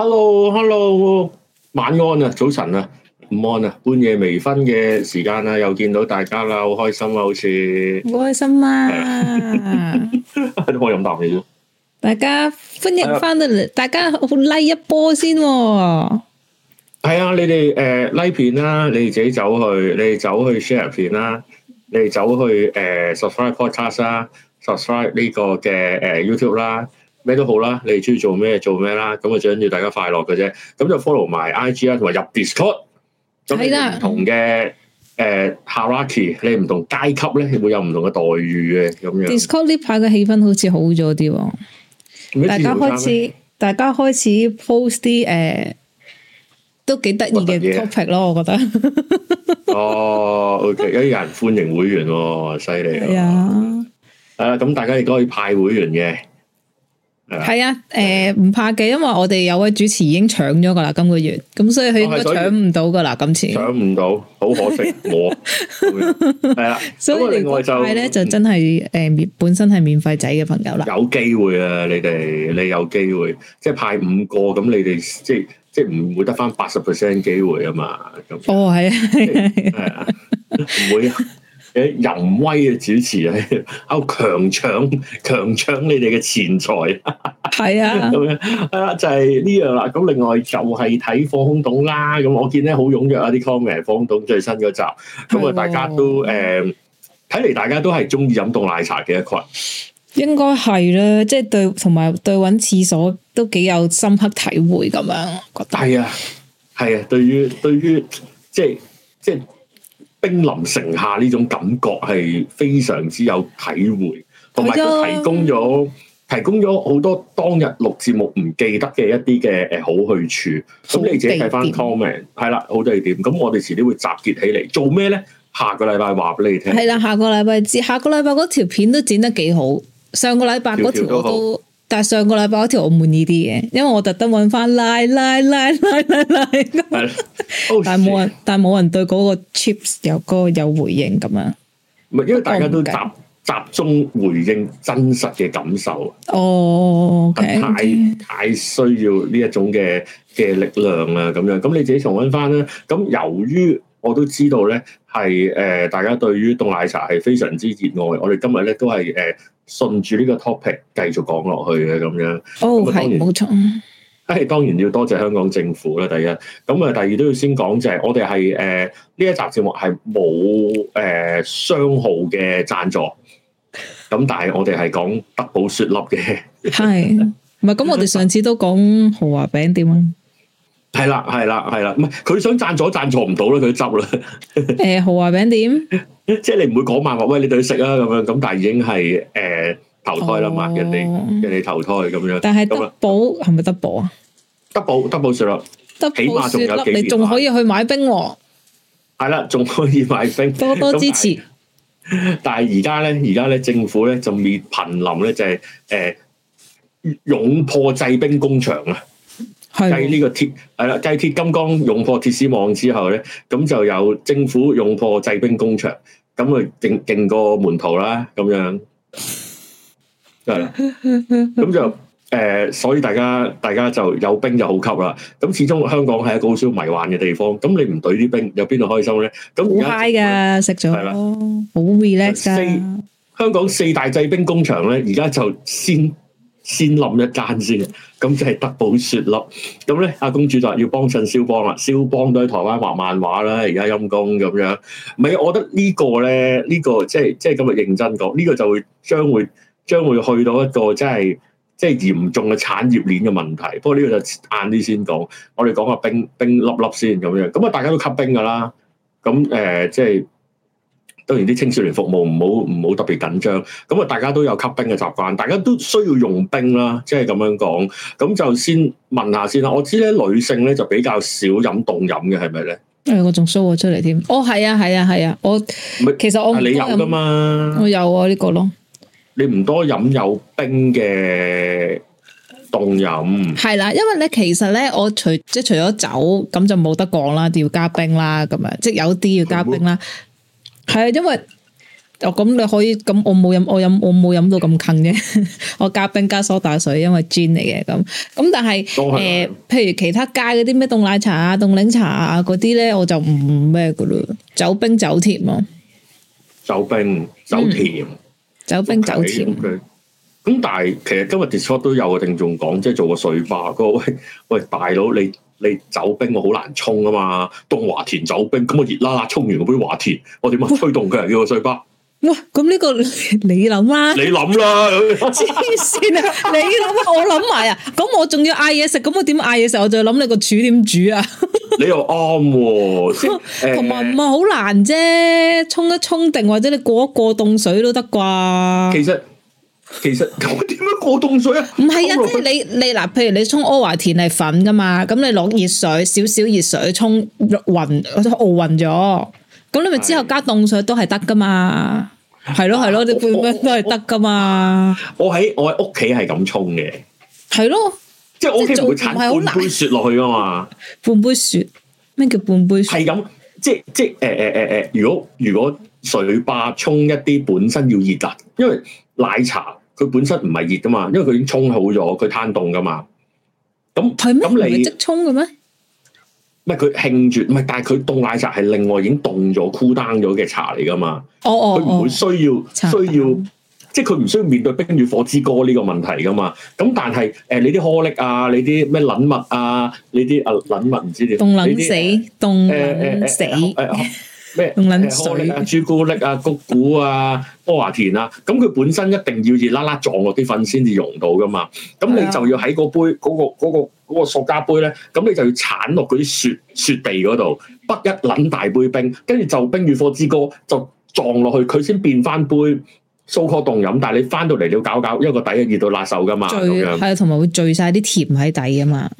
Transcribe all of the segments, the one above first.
Hello，Hello，Hello. 晚安啊，早晨啊，午安啊，半夜微醺嘅時間啦、啊，又見到大家啦，好開心啊，好似開心啊， 我可飲啖嘢大家歡迎翻到嚟，啊、大家好 like、like、一波先、哦。係啊，你哋誒、呃、like 片啦，你哋自己走去，你哋走去 share 片啦，你哋走去誒、呃、subscribe podcast 啦，subscribe 呢個嘅誒、呃、YouTube 啦。咩都好啦，你哋中意做咩做咩啦，咁啊，最緊要大家快樂嘅啫。咁就 follow 埋 IG 啦的，同埋入 Discord。係、呃、啦。唔的同嘅，誒，Hierarchy，你唔同階級咧，會有唔同嘅待遇嘅咁樣。Discord 呢排嘅氣氛好似好咗啲，大家開始，啊、大家開始 post 啲誒、呃，都幾得意嘅 topic 咯，我覺得。哦、啊 oh，OK，有啲人歡迎會員，犀利。係啊。誒、啊，咁的、啊、大家亦都可以派會員嘅。係啊，誒、啊，唔、啊呃、怕嘅，因為我哋有位主持已經搶咗噶啦，今個月，咁所以佢應該搶唔到噶啦，今次搶唔到，好可惜， 我係啊， 啊所以另外就咧就真係，誒、呃，本身係免費仔嘅朋友啦，有機會啊，你哋，你有機會，即係派五個，咁你哋即係即係唔會得返八十 percent 機會啊嘛，咁哦係，係啊，唔會。誒，淫威嘅主持人強搶強搶們的啊，喺度強搶強搶你哋嘅錢財啊！係啊，咁樣係啦，就係呢樣啦。咁另外就係睇《防空洞》啦。咁我見咧好踴躍啊！啲 comment《防空洞》最新嗰集，咁啊，大家都誒，睇嚟，大家都係中意飲凍奶茶嘅一群。應該係啦，即係對同埋對搵廁所都幾有深刻體會咁樣。係啊，係啊，對於對於即係即係。冰臨城下呢種感覺係非常之有體會，同埋佢提供咗的提供咗好多當日錄節目唔記得嘅一啲嘅誒好去處。咁你自己睇翻 comment 係啦，好多異點。咁我哋遲啲會集結起嚟做咩咧？下個禮拜話俾你聽。係啦，下個禮拜節，下個禮拜嗰條片都剪得幾好。上個禮拜嗰條我都。跳跳但係上個禮拜嗰條我滿意啲嘅，因為我特登揾翻拉拉拉拉拉，但係冇人，oh, shit. 但係冇人對嗰個 chips 有個有回應咁啊？唔係，因為大家都集集中回應真實嘅感受，哦、oh, okay , okay，太太需要呢一種嘅嘅力量啦，咁樣，咁你自己重揾翻啦。咁由於我都知道咧，係誒、呃、大家對於凍奶茶係非常之熱愛。我哋今日咧都係誒順住呢個 topic 繼續講落去嘅咁樣。哦，係冇錯。誒當然要多謝香港政府啦，第一。咁啊，第二都要先講就係，我哋係誒呢一集節目係冇誒商號嘅贊助。咁但係我哋係講德保雪粒嘅 。係。唔係咁，我哋上次都講豪華餅店。啊？係啦，係啦，係啦，唔係佢想賺助，賺助唔到啦，佢執啦。誒、嗯， 豪華餅點？即係 你唔會講萬話，喂，你對佢食啊咁樣咁，但係已經係誒投胎啦，嘛。人哋人哋投胎咁樣。但係得 o u 係咪得 o 得 b 得 e 啊？double 算啦，起碼仲有你仲可以去買兵。係啦，仲可以買冰。多多支持。但係而家咧，而家咧，政府咧就滅貧林咧，就係誒、就是呃，勇破製兵工場啦。計呢個鐵係啦，鐵金剛用破鐵絲網之後咧，咁就有政府用破製冰工場，咁啊勁勁過門徒啦，咁樣，係啦，咁 就誒、呃，所以大家大家就有冰就好吸啦。咁始終香港係一個好少迷幻嘅地方，咁你唔懟啲冰，有邊度開心咧？咁好 high 噶，食咗，係咯，好 relax 香港四大製冰工場咧，而家就先。先冧一間先，咁即係德保雪粒。咁咧，阿公主就話要幫襯蕭邦啦，蕭邦都喺台灣畫漫畫啦，而家陰公咁樣。唔係，我覺得呢個呢、呢個咧、即係，呢個即係即係今日認真講，呢、呢個就會將會將會去到一個真係即係嚴重嘅產業鏈嘅問題。不過呢個就晏啲先講，我哋講下冰冰粒粒先咁樣。咁啊，大家都吸冰㗎啦。咁誒，即、呃、係。即係當然啲青少年服務唔好唔好特別緊張，咁啊大家都有吸冰嘅習慣，大家都需要用冰啦，即係咁樣講，咁就先問下先啦。我知咧女性咧就比較少飲凍飲嘅，係咪咧？因為我仲 show 咗出嚟添。哦，係啊，係啊，係啊，我唔係，其實我你有噶嘛？我有啊，呢個咯。你唔多飲有冰嘅凍飲？係啦，因為咧，其實咧，我除即係除咗酒，咁就冇得講啦，要加冰啦，咁樣即係有啲要加冰啦。係，因為哦，咁你可以咁，我冇飲，我飲我冇飲到咁近啫。 我加冰加梳打水，因為 Gin 嚟嘅咁。咁但係誒是、呃，譬如其他街嗰啲咩凍奶茶，凍檸茶啊，凍檸茶啊嗰啲咧，我就唔咩噶啦，走冰走甜咯，啊。走冰走甜，走，嗯，冰走甜。咁看甜但係其實今日 Discord 都有、就是那個聽眾講，即係做個碎花，個喂喂大佬你。你走冰我好難沖啊嘛，凍華田走冰，咁我熱辣辣沖完嗰杯華田，我點樣推動佢啊？喂叫喂，這個水冰。哇，咁呢個你諗啦，你諗啦，黐線啊，你諗我諗埋啊，咁我仲要嗌嘢食，咁我點嗌嘢食？我就要諗你個柱點煮啊。你又啱喎，啊，同埋唔係好難啫，沖一沖定或者你過一過凍水都得啩，其實。其實點樣過凍水啊？唔係啊，即係你你，嗱，譬如你沖阿華田係粉噶嘛，咁你攞熱水少少熱水沖勻或者熬勻咗，咁你咪之後加凍水都係得噶嘛。係咯係咯，你半杯的都係得噶嘛。我喺我喺屋企係咁沖嘅，係咯的，即係我屋企唔係半杯雪落去噶嘛。半杯雪，咩叫半杯雪？係咁，即係即係誒誒誒誒，如果如果水吧沖一啲本身要熱啊，因為奶茶。佢本身唔係熱噶嘛，因為佢已經沖好咗，佢攤凍噶嘛。咁、嗯、咁嗎你會會即沖嘅咩？唔佢興住，唔係，但係佢凍奶茶係另外已經凍咗、cool down 咗嘅茶嚟噶嘛。哦哦，佢唔會需要需要，凈即係佢唔需要面對冰與火之歌呢個問題噶嘛。咁但係誒、呃，你啲顆粒啊，你啲咩冷物啊，你啲啊冷物唔知點凍冷，冷死，凍的冷，冷死。咩？可可啊、朱古力啊、谷古啊、波華 田啊，咁佢本身一定要熱辣辣撞落啲粉先至溶到噶嘛。咁你就要喺嗰杯嗰、 嗰個嗰、嗰個嗰、嗰個塑膠、嗰個、杯咧，咁你就要鏟落嗰啲雪雪地嗰度，北一攬大杯冰，跟住就冰與火之歌就撞落去，佢先變翻杯蘇打凍飲。但係你翻到嚟你要搞一搞，因為個底啊熱到辣手噶嘛。咁係啊，同埋樣會聚晒啲甜喺底啊嘛。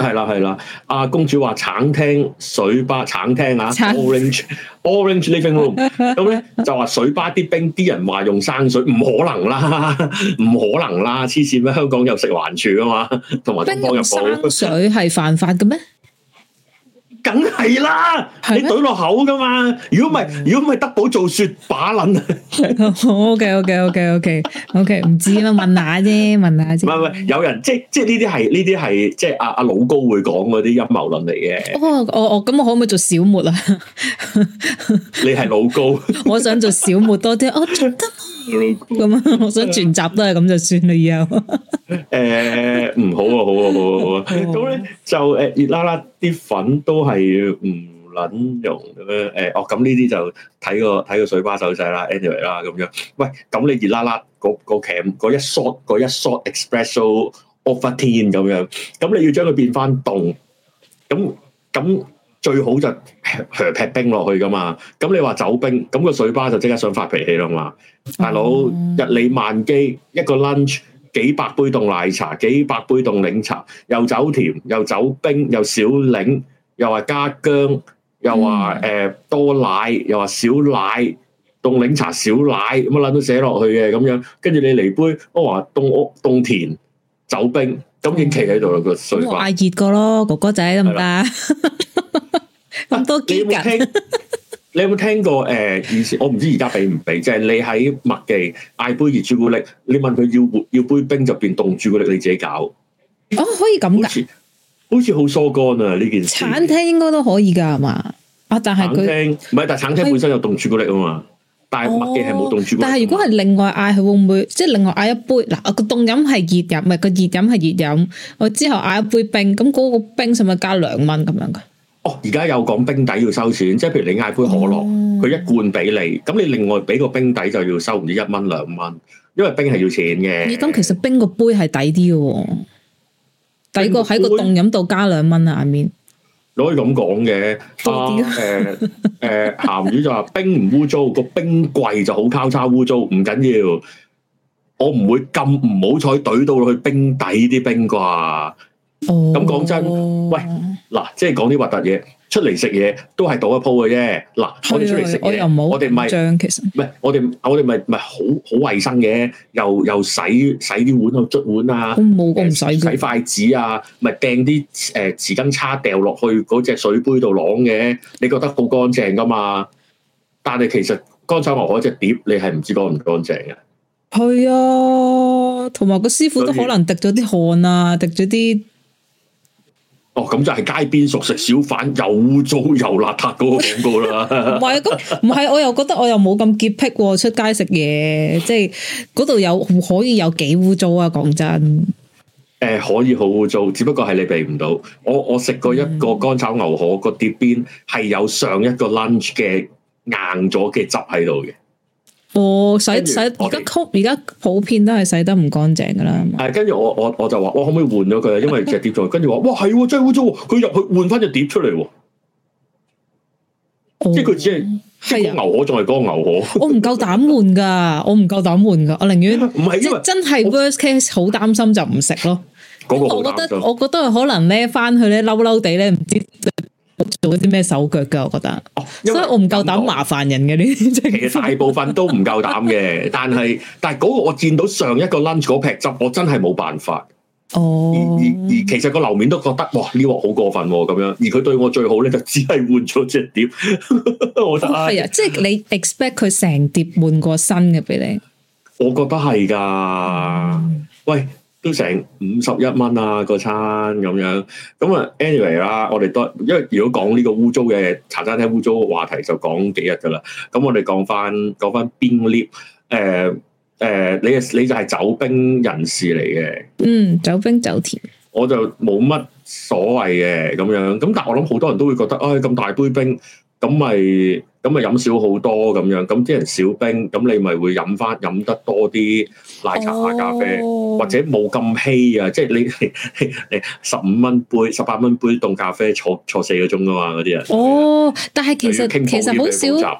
係啦係啦，阿公主話橙廳水吧橙廳啊橙，orange orange living room，咁咧 就話水吧啲冰啲人話用生水，唔可能啦，唔可能啦，黐線咩？香港有食環署啊嘛，同埋東方日報。冰水係犯法嘅咩？梗係啦，嗎你對落口㗎嘛？如果唔係，如果唔係，德保做雪把撚啊？OK OK OK OK OK，唔 知啦。問下啫，問下啫。唔係唔係，有人即係即係呢啲係呢啲係即係阿阿老高會講嗰啲陰謀論嚟嘅。哦，我我咁我可唔可以做小茉啊？你係老高，我想做小茉多啲。我覺得。咁 我想全集都係咁就算啦，以後 呃。誒，唔好，好，好，好，好， 好。咁咧就誒，熱辣辣啲粉都係唔捻用咁誒，哦，咁呢啲就睇個睇個水花手勢啦。Anyway 啦，咁樣。喂，咁你熱辣辣嗰嗰 cam 嗰一 shot 嗰一 shot espresso of a 天咁樣，咁你要將佢變翻凍。咁咁。最好就呵呵劈冰落去噶嘛，咁你話走冰，咁個水巴就即刻想發脾氣啦嘛！大佬日理萬機，一個 lunch 幾百杯凍奶茶，幾百杯凍檸茶，又走甜，又走冰，又少檸，又話加薑，嗯、又話、呃、多奶，又話少奶，凍檸茶少奶，咁樣撚到寫落去嘅咁樣，跟住你嚟杯，我話凍屋凍甜，走冰。咁熱氣喺度啦，個水，咁話熱過咯哥哥仔得唔得？咁多幾格？你有冇聽過誒？以前我唔知而家俾唔俾，即係你喺麥記嗌杯熱朱古力，你問佢要要杯冰就變凍朱古力，你自己搞。哦，可以咁噶？好似好疏乾啊呢件事。餐廳應該都可以噶係嘛？啊，但係佢，唔係，但係餐廳本身有凍朱古力啊嘛。.但係麥記係冇凍住，但係如果係另外嗌，佢會唔會即係另外嗌一杯嗱？個凍飲係熱飲，唔係個熱飲係熱飲。我之後嗌一杯冰，咁嗰個冰係咪加兩蚊咁樣噶？哦，而家有講冰底要收錢，即係譬如你嗌杯可樂，佢、嗯、一罐俾你，咁你另外俾個冰底就要收唔知一蚊兩蚊，因為冰係要錢嘅。咁其實冰個杯係抵啲嘅喎，抵過喺個凍飲度加兩蚊啊！I mean< 杯>。可以咁講嘅，阿誒誒鹹魚就話冰唔污糟，個冰櫃就好交叉污糟，唔緊要。我唔會咁唔好彩懟到落去冰底啲冰啩。咁講真，喂嗱，即係講啲核突嘢。出嚟食嘢都係賭一鋪嘅啫，嗱的我哋出嚟食嘢，我哋唔係唔係我哋我哋咪咪好好衞生嘅，又又洗洗啲碗去捽碗啊，洗，洗筷子啊，咪掟啲誒匙羹叉掉落去嗰隻水杯度攞嘅，你覺得好乾淨㗎嘛？但係其實乾炒牛河隻碟你係唔知乾唔乾淨嘅。係啊，同埋個師傅都可能滴咗啲汗啊，然滴咗啲。咁、哦、就係街邊熟食小販又污糟又邋遢嗰個廣告啦。唔係，咁唔係，我又覺得我又冇咁潔癖喎。出街食嘢，即係嗰度有可以有幾污糟啊？講真，誒、呃、可以好污糟，只不過係你避唔到。我我食過一個乾炒牛河，嗯、個碟邊係有上一個 lunch 嘅硬咗嘅汁喺度嘅。哦，洗洗而家曲而家普遍都係洗得唔乾淨噶啦。係，跟住我我我就話，我可唔可以換咗佢啊？因為隻碟再跟住話，哇，係真污糟，佢入去換翻隻碟出嚟，即係佢只即係牛河，仲係個牛河？我唔夠膽換噶，我唔夠膽換噶，我寧願唔係，因為真係 worst case，好擔心就唔食咯。個我覺得，我覺得可能咧，翻去咧，嬲嬲地咧，唔知。做啲咩手腳噶？我覺得，哦、所以我唔夠膽麻煩人嘅呢啲。即係其實大部分都唔夠膽嘅，但係但係嗰個我見到上一個 lunch 嗰撇汁，我真係冇辦法。哦，而而而其實個樓面都覺得哇呢鑊好過分咁樣，而佢對我最好咧就只係換咗隻碟。我得係啊，即係你 expect 佢成碟換過新嘅俾你，我覺得係噶喂。都成五十一蚊啊，個餐咁樣，咁啊，Anyway 啦，我哋都，因為如果講呢個污糟嘅茶餐廳污糟嘅話題就，就講幾日噶啦。咁我哋講翻講翻邊 lift？誒誒，你你就係走冰人士嚟嘅，嗯，走冰走甜，我就冇乜所謂嘅咁樣。咁但我諗好多人都會覺得，唉、哎，咁大杯冰，咁咪～咁咪飲少好多咁樣，咁啲人少冰，咁你咪會飲翻飲得多啲奶茶啊、咖啡，oh. 或者冇咁稀啊，即係你十五蚊杯，十八蚊杯凍咖啡坐坐四個鐘噶嘛嗰啲人。哦，oh. 但係其實其實好少，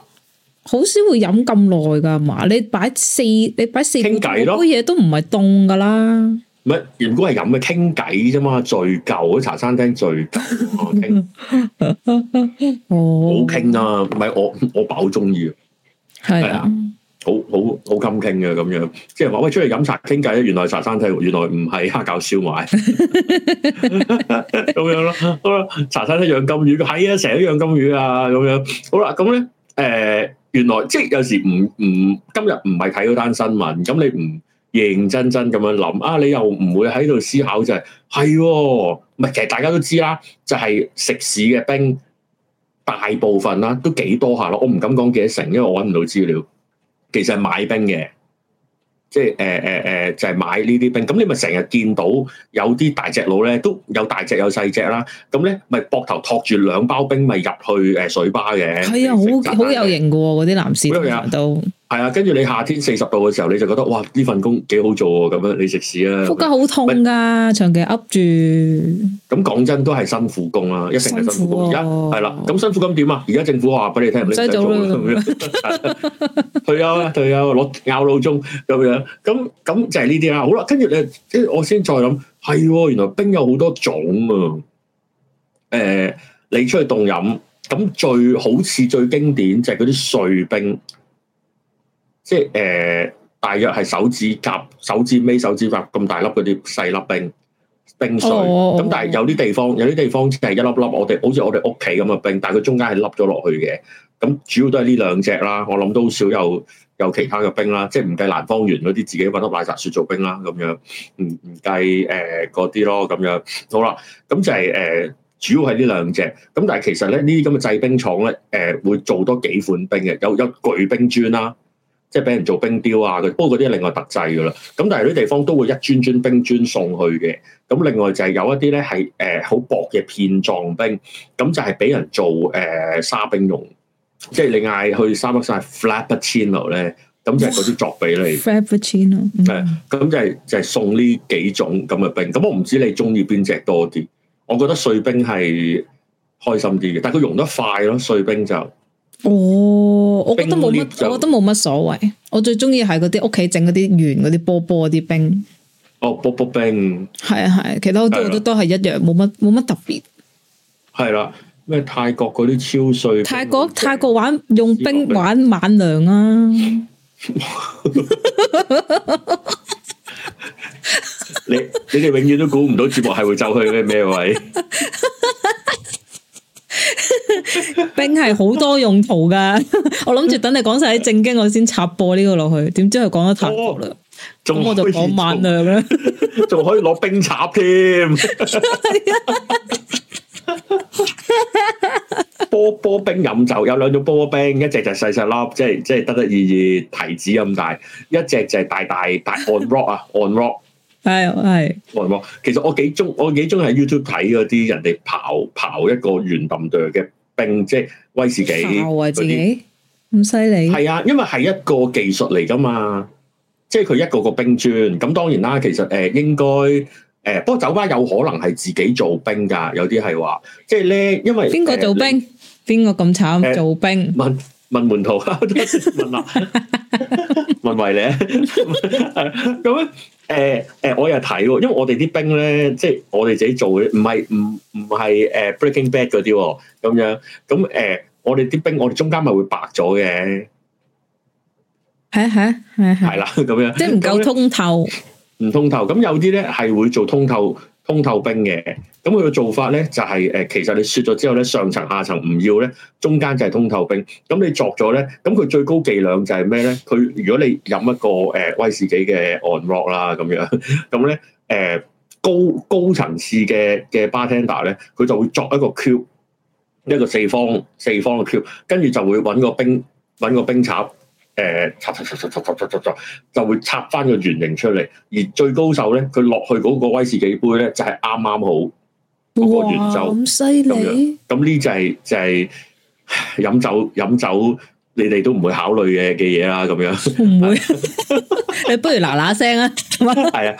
好少會飲咁耐㗎嘛。你擺四你擺四罐杯嘢都唔係凍㗎啦。唔係，如果係飲嘅傾偈啫嘛，最舊茶餐廳最舊，好傾啊！唔係我我飽中意，係、就是、啊，好好好襟傾嘅咁樣，即係話喂，出去飲茶傾偈原來茶餐廳，原來唔係黑教燒賣，咁 樣咯，好啦，茶餐廳養金魚，係啊，成日都養金魚啊，咁樣，好啦，咁咧，誒、呃，原來即係有時唔唔，今日唔係睇嗰單新聞，咁你唔。認真真咁樣諗啊！你又唔會喺度思考就係、是、係，唔係其實大家都知啦，就係、是、食肆嘅冰，大部分啦都幾多下咯。我唔敢講幾多成，因為我搵唔到資料。其實是買冰嘅，即係誒誒誒，就係、是呃呃呃就是、買呢啲冰。咁你咪成日見到有啲大隻佬咧，都有大隻有細隻啦。咁咧咪膊頭托住兩包冰，咪入去誒水吧嘅。係啊，好好有型嘅喎，嗰啲男士都。係啊，跟住你夏天四十度嘅時候，你就覺得哇呢份工幾好做啊，咁樣你食屎啊！腹肌好痛啊，是長期噏住。咁講真都係辛苦工啊，一成係辛苦工。而家係啦，咁辛苦咁、啊、點不用 啊？而家政府話俾你聽，你唔使做啦咁樣。係啊，係啊，攞咬老鐘咁樣。咁咁就係呢啲啦。好啦，跟住你，跟住我先再諗係、啊。原來冰有好多種啊。誒、呃，你出去凍飲咁最好似最經典就係嗰啲碎冰。即係誒、呃，大約係手指甲、手指尾、手指甲咁大粒嗰啲細粒冰冰碎。咁、oh. 但係有啲地方，有啲地方即係一粒粒我們，好像我哋好似我哋屋企咁嘅冰，但係佢中間係凹咗落去嘅。咁主要都係呢兩隻啦，我諗都少有有其他嘅冰啦，即係唔計蘭芳園嗰啲自己搵粒奶茶雪做冰啦，咁樣唔唔計誒嗰啲咯，咁樣好啦。咁就係、是、誒、呃，主要係呢兩隻。咁但係其實咧，這這呢啲咁嘅製冰廠咧，誒、呃、會做多幾款冰嘅，有一巨冰磚啦。即係俾人做冰雕啊！佢不過嗰啲係另外特製嘅啦。咁但係啲地方都會一樽樽冰磚送去嘅。咁另外就係有一啲咧係誒好薄嘅片狀冰，咁就係俾人做誒、呃、沙冰用。即係你嗌去沙律沙 Frappuccino 咧，咁就係嗰啲作俾你。Frappuccino 咁就係、係、就係、係、送呢幾種咁嘅冰。咁、嗯、我唔知道你中意邊隻多啲。我覺得碎冰係開心啲嘅，但係佢溶得快咯。碎冰就。哦，我覺得冇乜，我覺得冇乜所謂。我最中意係嗰啲屋企整嗰啲圓嗰啲波波嗰啲冰。哦，波波冰。係啊，係啊，其他好多都的都係一樣，冇乜冇乜特別。係啦，咩泰國嗰啲超帥。泰國泰國玩用冰玩晚涼啊！你你哋永遠都估唔到節目係會走去咩咩位。 冰係好多用途噶， 我諗住等你講晒啲正經，我先插播呢個落去。點知佢講得太多啦，咁、哦、我就講萬兩啦，仲可以攞冰插添。插 波波冰飲酒有兩種波波冰，一隻就細細粒，即係即係得得意意提子咁大，一隻就係大大大 on rock 啊 on rock。係係，其實我幾中我幾中意喺 YouTube 睇嗰啲人哋刨刨一個圓凼哚嘅冰，即係威士忌自己，自己咁犀利。係啊，因為係一個技術嚟噶嘛，即係佢一個個冰磚。咁當然啦，其實誒應該誒，不過酒吧有可能係自己做冰噶，有啲係話即係咧，因為邊個做冰，邊個咁慘做冰。呃問問門徒，問啊，問維咧，咁咧，誒誒，我又睇，因為我哋啲冰咧，即係我哋自己做嘅，唔係唔唔係誒 Breaking Bad 嗰啲咁樣，咁誒，我哋啲冰，我哋中間咪會白咗嘅，係啊係啊係啊係啦，咁樣即係唔夠通透，唔通透，咁有啲咧係會做通透通透冰嘅。咁佢嘅做法咧就係、是呃、其實你雪咗之後咧，上層下層唔要咧，中間就係通透冰。咁你作咗咧，咁佢最高伎倆就係咩咧？佢如果你飲一個誒、呃、威士忌嘅 on rock 啦，咁樣，咁、嗯、咧、呃、高高層次嘅嘅 bartender 咧，佢就會作一個 cube，一個四方四方嘅 cube，跟住就會搵個冰搵個冰插、呃、插，插，插，插，插，插，插，插，插就會插翻個圓形出嚟。而最高手咧，佢落去嗰個威士忌杯咧，就係啱啱好。哇，咁犀利！咁呢就係就係飲酒飲酒，你哋都唔會考慮嘅嘅嘢啦，咁樣唔會。你不如嗱嗱聲啊，係啊，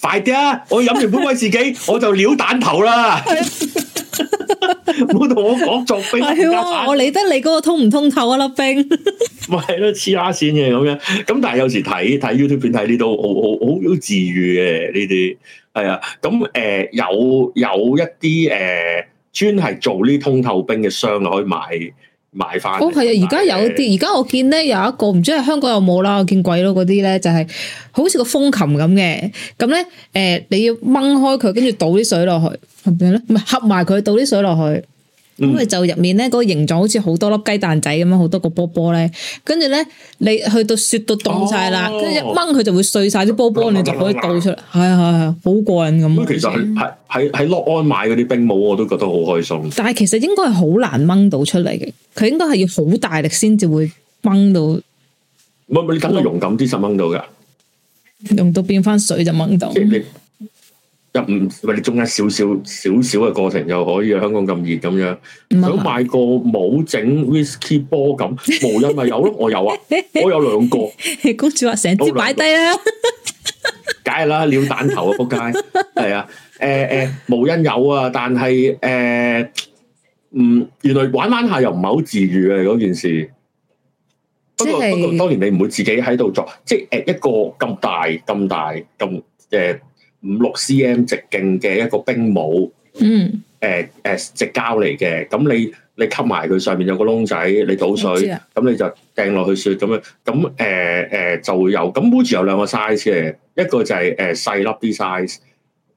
快啲啊！我飲完杯威士忌，我就撩蛋頭啦。冇同 我講作冰，我得理得你嗰個通唔通透啊粒冰，咪係咯黐下線嘅咁樣。咁但係有時睇睇 YouTube 片睇呢度好好好治愈嘅呢啲，係啊。咁誒、呃、有有一啲誒專係做呢通透冰嘅箱可以買買翻。哦係啊，而家有啲，而家我見咧有一個唔知係香港有冇啦，我見鬼佬嗰啲咧就係、是、好似個風琴咁嘅，咁咧誒你要掹開佢，跟住倒啲水落去。係咪咧？唔係合埋佢，倒啲水落去，咁咪就入面咧，嗰個形狀好似好多粒雞蛋仔咁樣，好多個波波咧。跟住咧，你去到雪都凍晒啦，跟住一掹佢就會碎晒啲波波，你就可以倒出嚟。係係係，好過癮咁。咁其實係喺喺喺樂安買嗰啲冰帽，我都覺得好開心。但係其實應該係好難掹到出嚟嘅，佢應該係要好大力先至會掹到。唔唔，你等佢勇敢啲先掹到噶。用到變翻水就掹到。一唔咪你中間少少少少嘅過程又可以啊？香港咁熱咁樣，想買個冇整 whisky 波咁，無印咪有咯？我有啊，我有兩個。公主話成支擺低啊，梗係啦，鳥蛋頭啊扑街，係啊，誒、呃、誒、呃，無印有啊，但係誒，嗯、呃，原來玩玩下又唔係好自如嘅嗰件事。不過、就是、不過當年你唔會自己喺度作，即係誒一個咁大咁大咁誒。五六 cm 直徑嘅一個冰帽，嗯，誒誒、呃、直膠嚟嘅，咁你你吸埋佢上面有個窿仔，你倒水，咁你就掟落去雪咁樣，咁誒誒就會有，咁好似有兩個 size 嘅，一個就係誒細粒啲 size，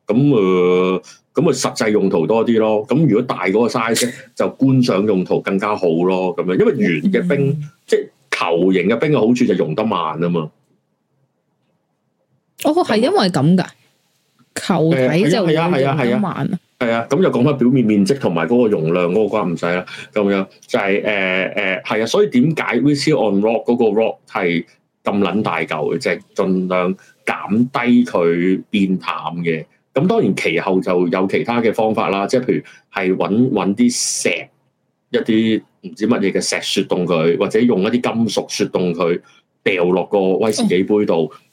咁誒咁啊實際用途多啲咯，咁如果大嗰個 size 就觀賞用途更加好咯，咁樣，因為圓嘅冰即係球形嘅冰嘅好處就用得慢啊嘛，哦係因為咁㗎？球體就係啊，係啊，係啊，係啊，咁、啊啊、就講翻表面面積同埋嗰個容量嗰個關唔使啦，咁樣就係誒誒，係、呃、啊，所以點解 V C on rock 嗰個 rock 係咁撚大嚿嘅，即係盡量減低佢變淡嘅。咁當然其後就有其他嘅方法啦，即、就、係、是、譬如係搵搵啲石一啲唔知乜嘢嘅石雪凍佢，或者用一啲金屬雪凍佢，掉落個威士忌杯度。嗯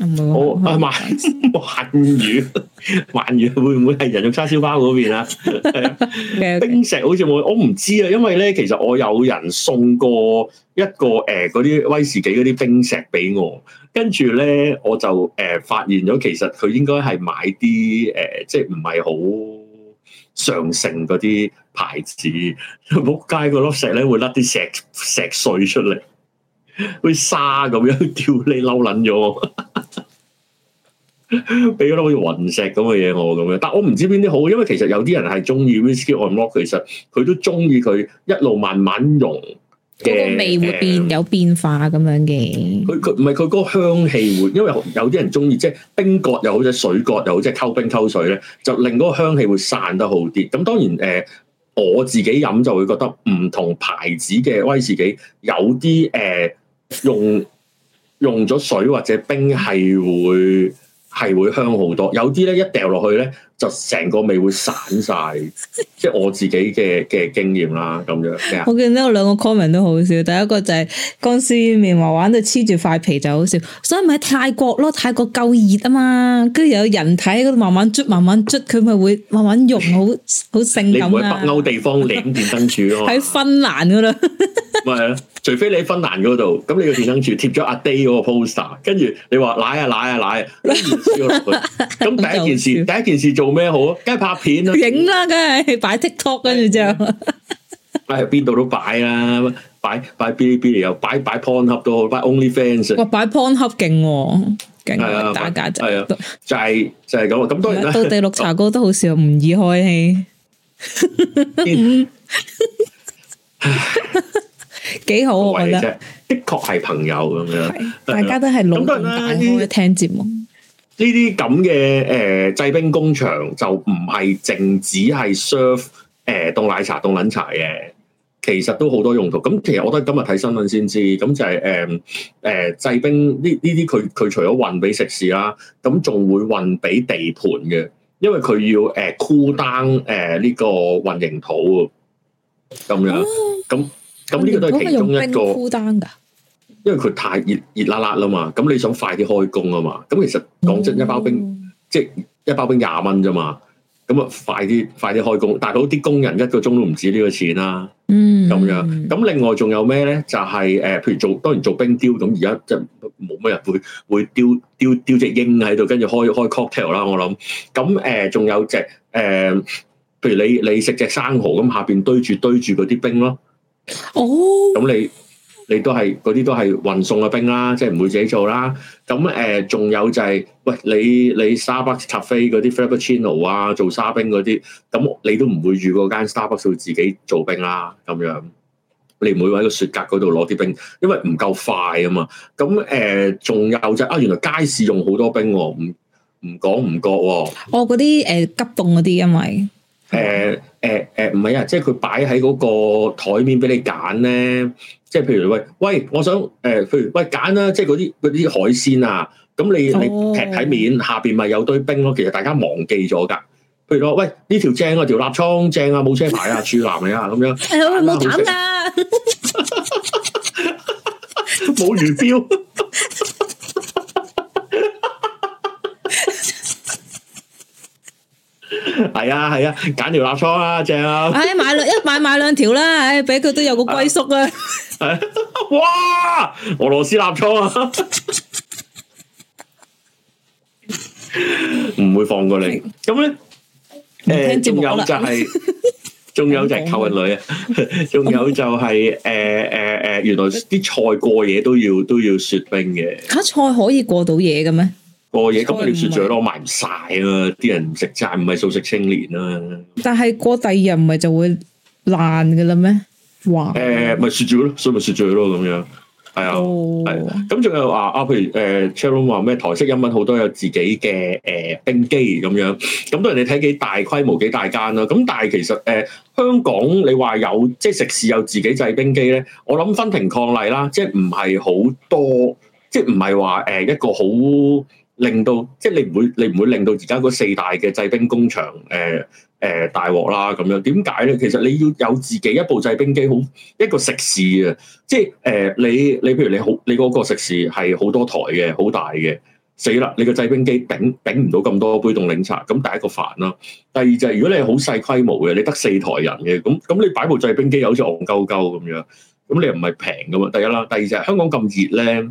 嗯、我啊鰻、嗯、蠻魚，鰻 魚會唔會係人肉叉燒包嗰邊啊？ okay, okay. 冰石好似我，我唔知道啊。因為咧，其實我有人送過一個誒，嗰、呃、啲威士忌嗰啲冰石俾我，跟住咧我就誒、呃、發現咗，其實佢應該係買啲誒、呃，即係唔係好常盛嗰啲牌子，仆街個粒石咧會甩啲石石碎出嚟。好沙咁樣吊你嬲卵咗，俾嗰啲好似雲石咁嘅嘢我咁樣，但我唔知邊啲好，因為其實有啲人係中意 whisky on rock，其實佢都中意佢一路慢慢溶，個味會變、呃、有變化咁樣嘅。佢佢唔係佢嗰個香氣會，因為有啲人中意即係冰角又，又好，即係水角又好，即係溝冰溝水咧，就令嗰個香氣會散得好啲。咁當然誒、呃，我自己飲就會覺得唔同牌子嘅威士忌有啲誒。呃用用咗水或者冰係會係會香好多，有啲咧一掉落去咧就成個味會散晒， 即係我自己嘅嘅經驗啦。咁樣，我見到兩個 comment 都好笑，第一個就係乾絲麵，話玩到黐住塊皮就好笑，所以咪喺泰國咯，泰國夠熱啊嘛，跟住有人睇喺度慢慢捽慢慢捽，佢咪會慢慢溶，好好 性感啊！你唔去北歐地方舐電燈柱咯，喺芬蘭噶啦，咪啊！ 除非你喺芬蘭嗰度，咁你個電燈柱貼咗阿 Day 嗰個 poster，跟住你話奶啊奶啊奶，咁咁 第一件事，第一件事做咩好啊？梗係拍片啦，影啦，梗係擺 TikTok，跟住之後，係邊度都擺啦、啊，擺擺 Bilibili 又擺 Bilibili，擺，擺，擺 Pornhub 都好，擺 OnlyFans。哇，擺 Pornhub 勁，勁、啊啊、打架、就是。係啊，啊，就係、是、就係、是、咁。咁當然啦，到地綠茶哥都好少唔、哦、易開氣。 真 幾好，我覺得的確係朋友咁樣，是是大家都係老朋友。聽節目呢啲咁嘅，誒製冰工場就唔係淨止係 serve 誒、呃、凍奶茶凍擰茶嘅，其實都好多用途。咁其實我覺得今日睇新聞先知，咁就係誒誒製冰呢呢啲佢佢除咗運俾食肆啦，咁、啊、仲會運俾地盤嘅，因為佢要誒 cool down 誒、呃、呢、這個混凝土咁樣咁。啊咁呢個都係其中一個負擔㗎，因為佢太熱熱辣辣啦嘛，咁你想快啲開工啊嘛，咁其實講真，一包冰即係、嗯、一包冰廿蚊啫嘛，咁啊快啲快啲開工，但係佢啲工人一個鐘都唔止呢個錢啦、啊，咁、嗯嗯、樣，咁另外仲有咩咧？就係、是、誒，譬如做當然做冰雕，咁而家就冇乜人會會雕雕雕隻鷹喺度，跟住開開 cocktail 啦，我諗，咁誒仲有隻誒、呃，譬如你你食隻生蠔咁，下邊堆住堆住嗰啲冰咯。哦，咁、oh，你你都係嗰啲都係運送嘅冰啦，即係唔會自己做啦。咁誒，仲、呃、有就係、是、喂你你星巴克插飛嗰啲 Frappuccino 啊，做沙冰嗰啲，咁你都唔會住嗰間星巴克自己做冰啦。咁樣你唔會喺個雪格嗰度攞啲冰，因為唔夠快啊嘛。咁誒，仲、呃、有就啊、是，原來街市用好多冰唔唔講唔覺喎、哦。我嗰啲誒急凍嗰啲，因為誒。嗯.誒誒唔係啊，即係佢擺喺嗰個台面俾你揀咧，即係譬如喂，喂，我想誒、呃，譬如喂揀啦，即係嗰啲嗰啲海鮮啊，咁你你劈喺面、哦、下面咪有堆冰咯，其實大家忘記咗噶。譬如講，喂呢條正啊，條臘腸正啊，冇車牌啊， 處男嚟啊，咁樣係好冇膽㗎，冇魚標。係啊，係啊，揀條臘腸啊，正啊！唉、哎，買兩一買買兩條啦，唉、哎，俾佢都有個歸宿啊，啊，啊！哇，俄羅斯臘腸啊，唔、啊、 會放過你。咁咧，誒，仲有就係、是，仲有就係溝個女啊，仲 有就係、是，誒誒誒，原來啲菜過夜都要都要雪冰嘅。吓，菜可以過到夜嘅咩？個嘢咁你要雪住咯，賣唔晒啊！啲人唔食齋，唔、就、係、是、素食青年啊。但係過第二日唔係就會爛㗎啦咩？哇！誒、欸，咪雪住咯，所以咪雪住咯咁樣。係啊、哦，係。咁仲有話啊，譬如誒，Cheryl 話咩？台式飲品好多有自己嘅誒、呃、冰機咁樣，咁、嗯、多人哋睇幾大規模幾大間啦、啊。咁但係其實誒、呃，香港你話有即係食肆有自己製冰機咧，我諗分庭抗禮啦，即係唔係好多，即係唔係話誒一個好。令到即係你唔會，你唔會令到而家嗰四大嘅製冰工場誒誒大鑊啦咁樣。點解咧？其實你要有自己一部製冰機，好一個食肆啊！即係、呃、你你譬如你好你嗰個食肆係好多台嘅，好大嘅，死啦！你個製冰機頂頂唔到咁多杯凍檸茶，咁第一個煩啦。第二就係、是、如果你係好細規模嘅，你得四台人嘅，咁咁你擺部製冰機又好似戇鳩鳩咁樣，咁你又唔係平噶嘛？第一啦，第二就係、是、香港咁熱咧。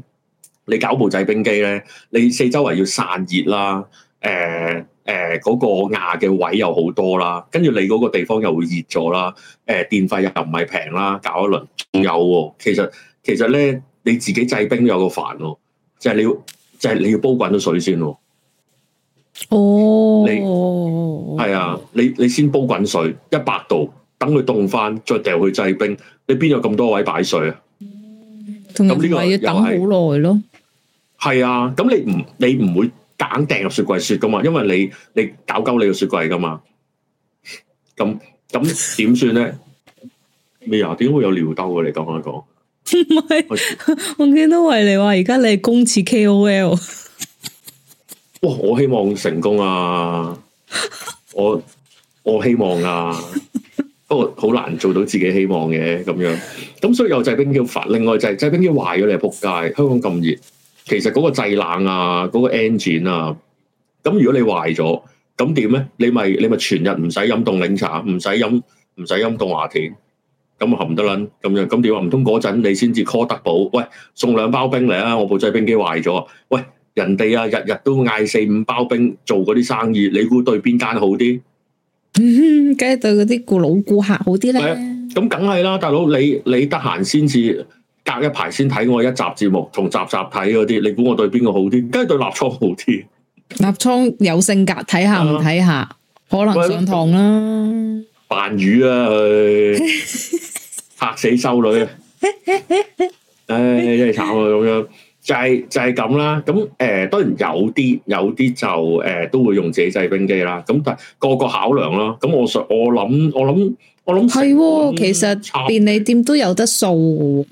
你搞部製冰機咧，你四周圍要散熱啦，誒誒嗰個壓嘅位又好多啦，跟住你嗰個地方又會熱咗啦，誒、呃、電費又唔係平啦，搞一輪仲有喎、啊。其實其實咧，你自己製冰都有個煩喎、啊，就係、是、你要就係、是、你要煲滾咗水先喎、啊。哦、oh.，你係啊，你你先煲滾水一百度，等佢凍翻再掉去製冰，你邊有咁多位擺水啊？咁呢同樣 個等好耐咯。係啊，咁你唔你唔會硬掟入雪櫃雪噶嘛？因為你你搞鳩你個雪櫃噶嘛？咁咁點算咧？咩啊？點會有尿兜啊？你咁樣講？唔係，我見到維尼話，而家你係公廁 K O L。哇！我希望成功啊！我我希望啊，不過好難做到自己希望嘅咁樣。咁所以有製冰機煩，另外就係製冰機壞咗，你係仆街。香港咁熱。其實嗰個製冷啊，嗰個 engine 啊，咁如果你壞咗，咁點咧？你咪你咪全日唔使飲凍檸茶，唔使飲唔使飲凍華田，咁啊含得撚咁樣，咁點啊？話唔通嗰陣你先至 call 德保？喂，送兩包冰嚟啊！我部製冰機壞咗啊！喂，人哋啊日日都嗌四五包冰做嗰啲生意，你估對邊間好啲？梗係、嗯、對嗰啲顧老顧客好啲咧。咁梗係啦，大佬，你你得閒先至。隔一排先睇我一集節目，同集集睇嗰啲，你估我對邊個好啲？梗係對立倉好啲。立倉有性格，睇下唔睇下，的可能上堂啦。扮魚啦，佢嚇死修女。唉，真係慘啊！咁樣就係就係咁啦。咁誒，當然有啲有啲就誒、呃、都會用自己製冰機啦。咁但係個個考量啦。咁我想我諗我諗我諗係，其實便利店都有得數。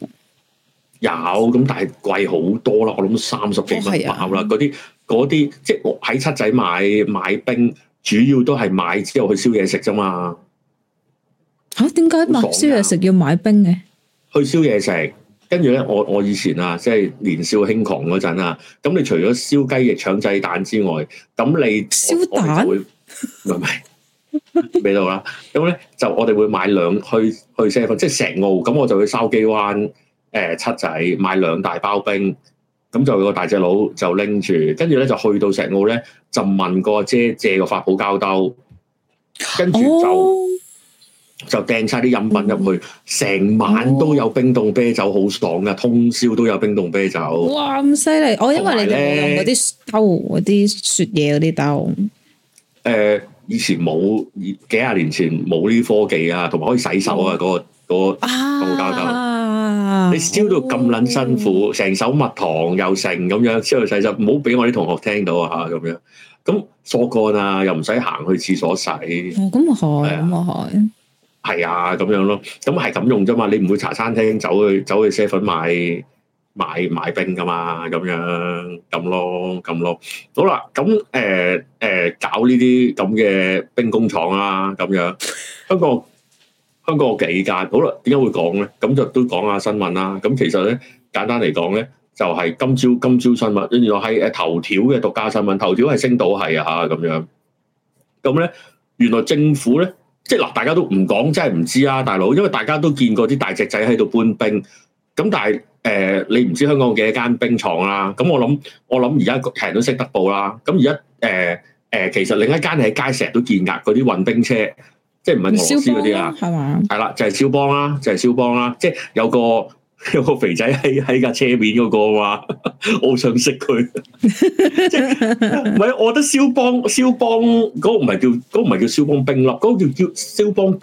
有咁，但係貴好多啦！我諗三十幾蚊一包啦，嗰啲嗰啲即係喺七仔買買冰，主要都係買之後去燒嘢食啫嘛。吓、啊？點解買燒嘢食要買冰嘅？去燒嘢食，跟住咧，我我以前啊，即係年少輕狂嗰陣啊，咁你除咗燒雞翼、腸仔、蛋之外，咁你燒蛋咪咪俾到啦。咁咧就我哋會買兩去去 seven 即係成澳咁，我就去筲箕灣。誒、呃、七仔買兩大包冰，咁就有個大隻佬就拎住，跟住咧就去到石澳咧，就問個阿姐，姐借個發泡膠兜，跟住就、哦、就掟晒啲飲品入去，成晚都有冰凍啤酒，好爽噶，通宵都有冰凍啤酒。哇！咁犀利，我、哦、因為你哋冇用嗰啲兜，嗰啲雪嘢嗰啲兜。誒、呃，以前冇，幾廿年前冇呢啲科技啊，同埋可以洗手啊嗰個、嗯個啊，你燒到咁捻辛苦，成手蜜糖又剩咁樣，燒到細汁，唔好俾我啲同學聽到啊！吓咁樣，咁縮乾啊，又唔使行去廁所洗。哦，咁啊，好，咁啊，好。係啊，咁樣咯，咁係咁用啫嘛。你唔會茶餐廳走去走去 seven 買買買冰噶嘛？咁樣咁咯，咁咯。好啦，咁誒誒，搞呢啲咁嘅冰工廠啦，咁樣。不過。香港有幾間好啦？點解會講咧？咁就都講下新聞啦。咁其實咧，簡單嚟講咧，就係、是、今朝今朝新聞，跟住又係誒頭條嘅獨家新聞。頭條係星島係啊嚇咁樣。咁咧，原來政府咧，即係嗱，大家都唔講，真係唔知啊，大佬，因為大家都見過啲大隻仔喺度搬冰。咁但係、呃、你唔知香港有幾間冰廠啦、啊。咁我諗我諗而家平都識得報啦。咁而家，誒、呃呃，其實另一間喺街成日都見㗎嗰啲運冰車。即係唔係俄羅斯嗰啲啊？係嘛？係啦，就係、是、肖邦啦、啊，就係、是、肖邦啦、啊。即係有個有個肥仔喺喺架車面嗰、那個嘛， 我好想識佢。即唔係，我覺得肖邦肖邦嗰、那個唔係叫唔係、那個、叫肖邦冰粒，嗰、那個叫叫肖邦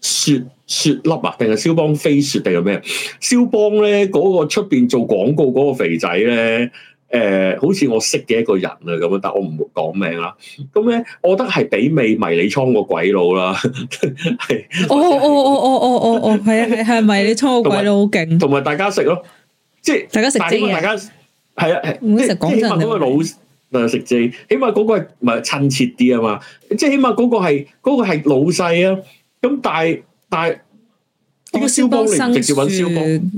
雪雪粒啊？定係肖邦飛雪定係咩？肖邦咧嗰、那個出邊做廣告嗰個肥仔咧。好似我識嘅一個人啊，咁樣，但我唔會講名啦。咁咧，我覺得係媲美迷你倉個鬼佬啦。係，哦哦哦哦哦哦哦，係啊係係，迷你倉個鬼佬好勁？同埋大家食咯，即係大家食雞。大家係啊，即係講陣。起碼嗰個老誒食字，起碼嗰個咪親切啲啊嘛。即係起碼嗰個係嗰個係老細啊。咁但係但係，呢個蕭邦連直接揾蕭邦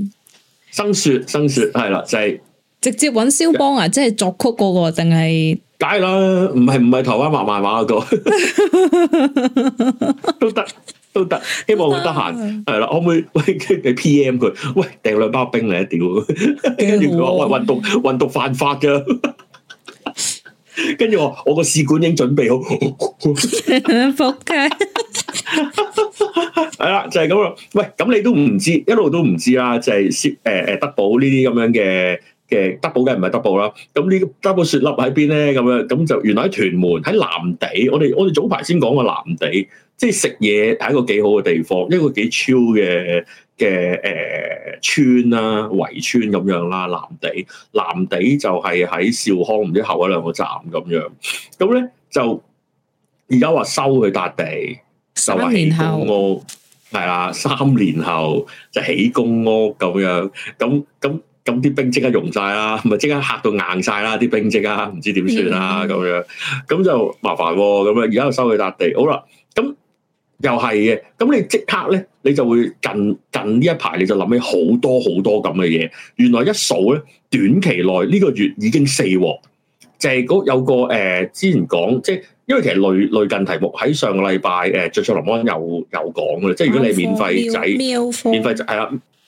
生雪生雪係啦，就係。直接揾肖邦啊，即係作曲嗰，那個定係？梗係啦，唔係唔係台灣畫漫畫嗰個 都得，都得。希望佢得閒係啦，可唔可以喂 P M 佢？喂，掟兩包冰嚟一屌，跟住佢話喂，運毒運毒犯法噶。跟 住我，我個試管已經準備好。仆街。係啦，就係咁咯。喂，咁你都唔知，一路都唔知啦。就係、是、誒誒，德保呢啲咁樣嘅。嘅德保嘅唔係德保啦，咁呢個德保雪粒喺邊咧？咁樣咁就原來喺屯門，喺藍地。我哋我哋早排先講過藍地，即係食嘢係一個幾好嘅地方，一個幾超嘅嘅誒村啦、圍村咁樣啦。藍地藍地就係喺兆康，唔知後一兩個站咁樣。咁咧就而家話收佢笪地，就起公屋。係三年後就起公屋咁樣。咁咁。咁啲冰即刻溶晒啦，咪即刻嚇到硬晒啦！啲冰即刻，唔知點算啊咁樣，咁就麻煩喎。咁啊，而家又收佢笪地，好啦，咁又係嘅。咁你即刻咧，你就會近近呢一排，你就諗起好多好多咁嘅嘢。原來一數咧，短期內呢、呢個月已經四喎，就係、是、嗰有個誒、呃、之前講，即係因為其實類類近題目喺上個禮拜誒、呃，著數林安又又講嘅，即係如果你免費仔風免費仔。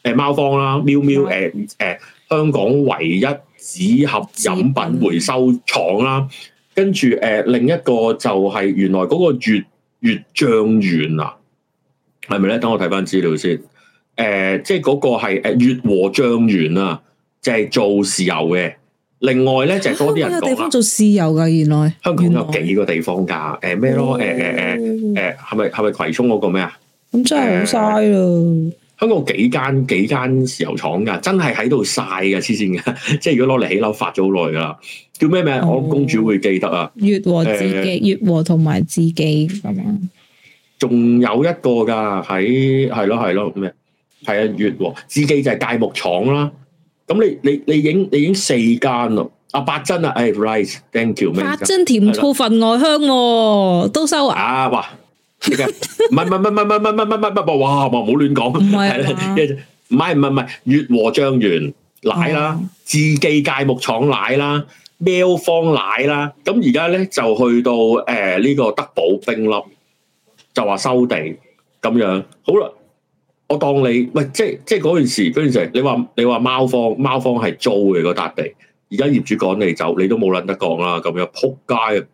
誒喵坊啦，喵喵、嗯呃呃！香港唯一紙盒飲品回收廠啦，嗯、跟住、呃、另一個就係原來嗰個粵粵醬園啊，係咪咧？等我睇翻資料先。誒、呃，即係嗰個係誒粵和醬園啊，就係、是、做豉油嘅。另外咧就係多啲人講、啊、咩地方做豉油㗎？原來香港有幾個地方㗎？誒咩咯？誒係咪係咪葵涌嗰個咩啊？咁、嗯呃、真係好嘥啦～香港幾間幾間豉油廠噶，真係喺度晒噶，黐綫噶，即係如果攞嚟起樓發咗好耐噶啦。叫咩名？哦、我公主會記得啊。粵和自基、粵、欸、和同埋自基咁樣。仲有一個噶喺係咯係咯咩？係啊，粵和自基就係芥木廠啦。咁你你你影你影四間咯。阿、right, 八珍啊，哎，rice，thank you，八珍甜醋份外香喎，都收啊。啊，哇！唔係唔係唔係唔係唔係唔係唔係唔係，哇！唔好亂講，係啦，唔係唔係唔係，悅和醬園奶啦，嗯、自記芥木廠奶啦，喵坊奶啦，咁而家咧就去到誒呢、呃這個德保雪粒，就話收地咁樣，好啦，我當你喂，即係即係嗰件事，嗰件事，你話你話喵坊喵坊係租嘅嗰笪地，而家業主趕你走，你都冇捻得講啦，咁樣撲街誒。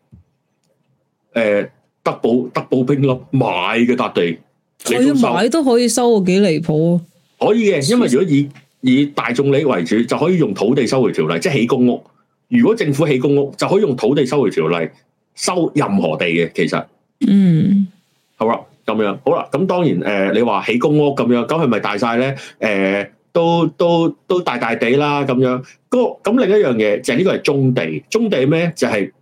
呃德保德保，冰粒買嘅笪地，佢買都可以收，幾離譜啊！可以嘅，因為如果以以大眾理為主，就可以用土地收回條例，即係起公屋。如果政府起公屋，就可以用土地收回條例收任何地嘅，其實。嗯。好啦，咁樣好啦，咁當然誒、呃，你話起公屋咁樣，咁係咪大晒咧？誒、呃，都都都大大地啦，咁樣。嗰咁另一樣嘢就係、是、呢個係中地，中地咩？就係、是、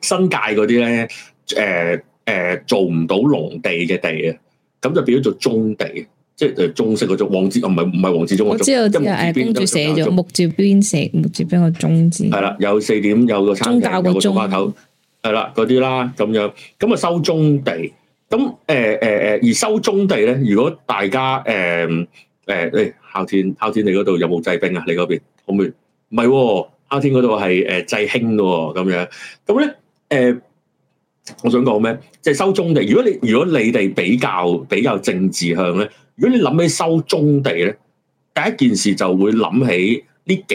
新界嗰啲咧。誒誒、呃呃，做唔到農地嘅地啊，咁就變咗做中地，即係誒中式嗰種，王，王字唔係唔係王字中，我知道，就係木字寫咗，木照邊寫木照邊個中字。係啦，有四點有，宗教有個山，有個山頭，係啦嗰啲啦，咁樣，咁啊收中地，咁誒誒誒，而收中地咧，如果大家誒誒、呃哎，孝天孝天，你嗰度有冇製冰啊？你嗰邊可唔可以？唔係，孝天嗰度係誒制輕嘅，咁、呃哦、樣，咁咧誒。呃我想講咩？即係收中地。如果你如果你哋比較比較政治向咧，如果你諗起收中地咧，第一件事就會諗起呢幾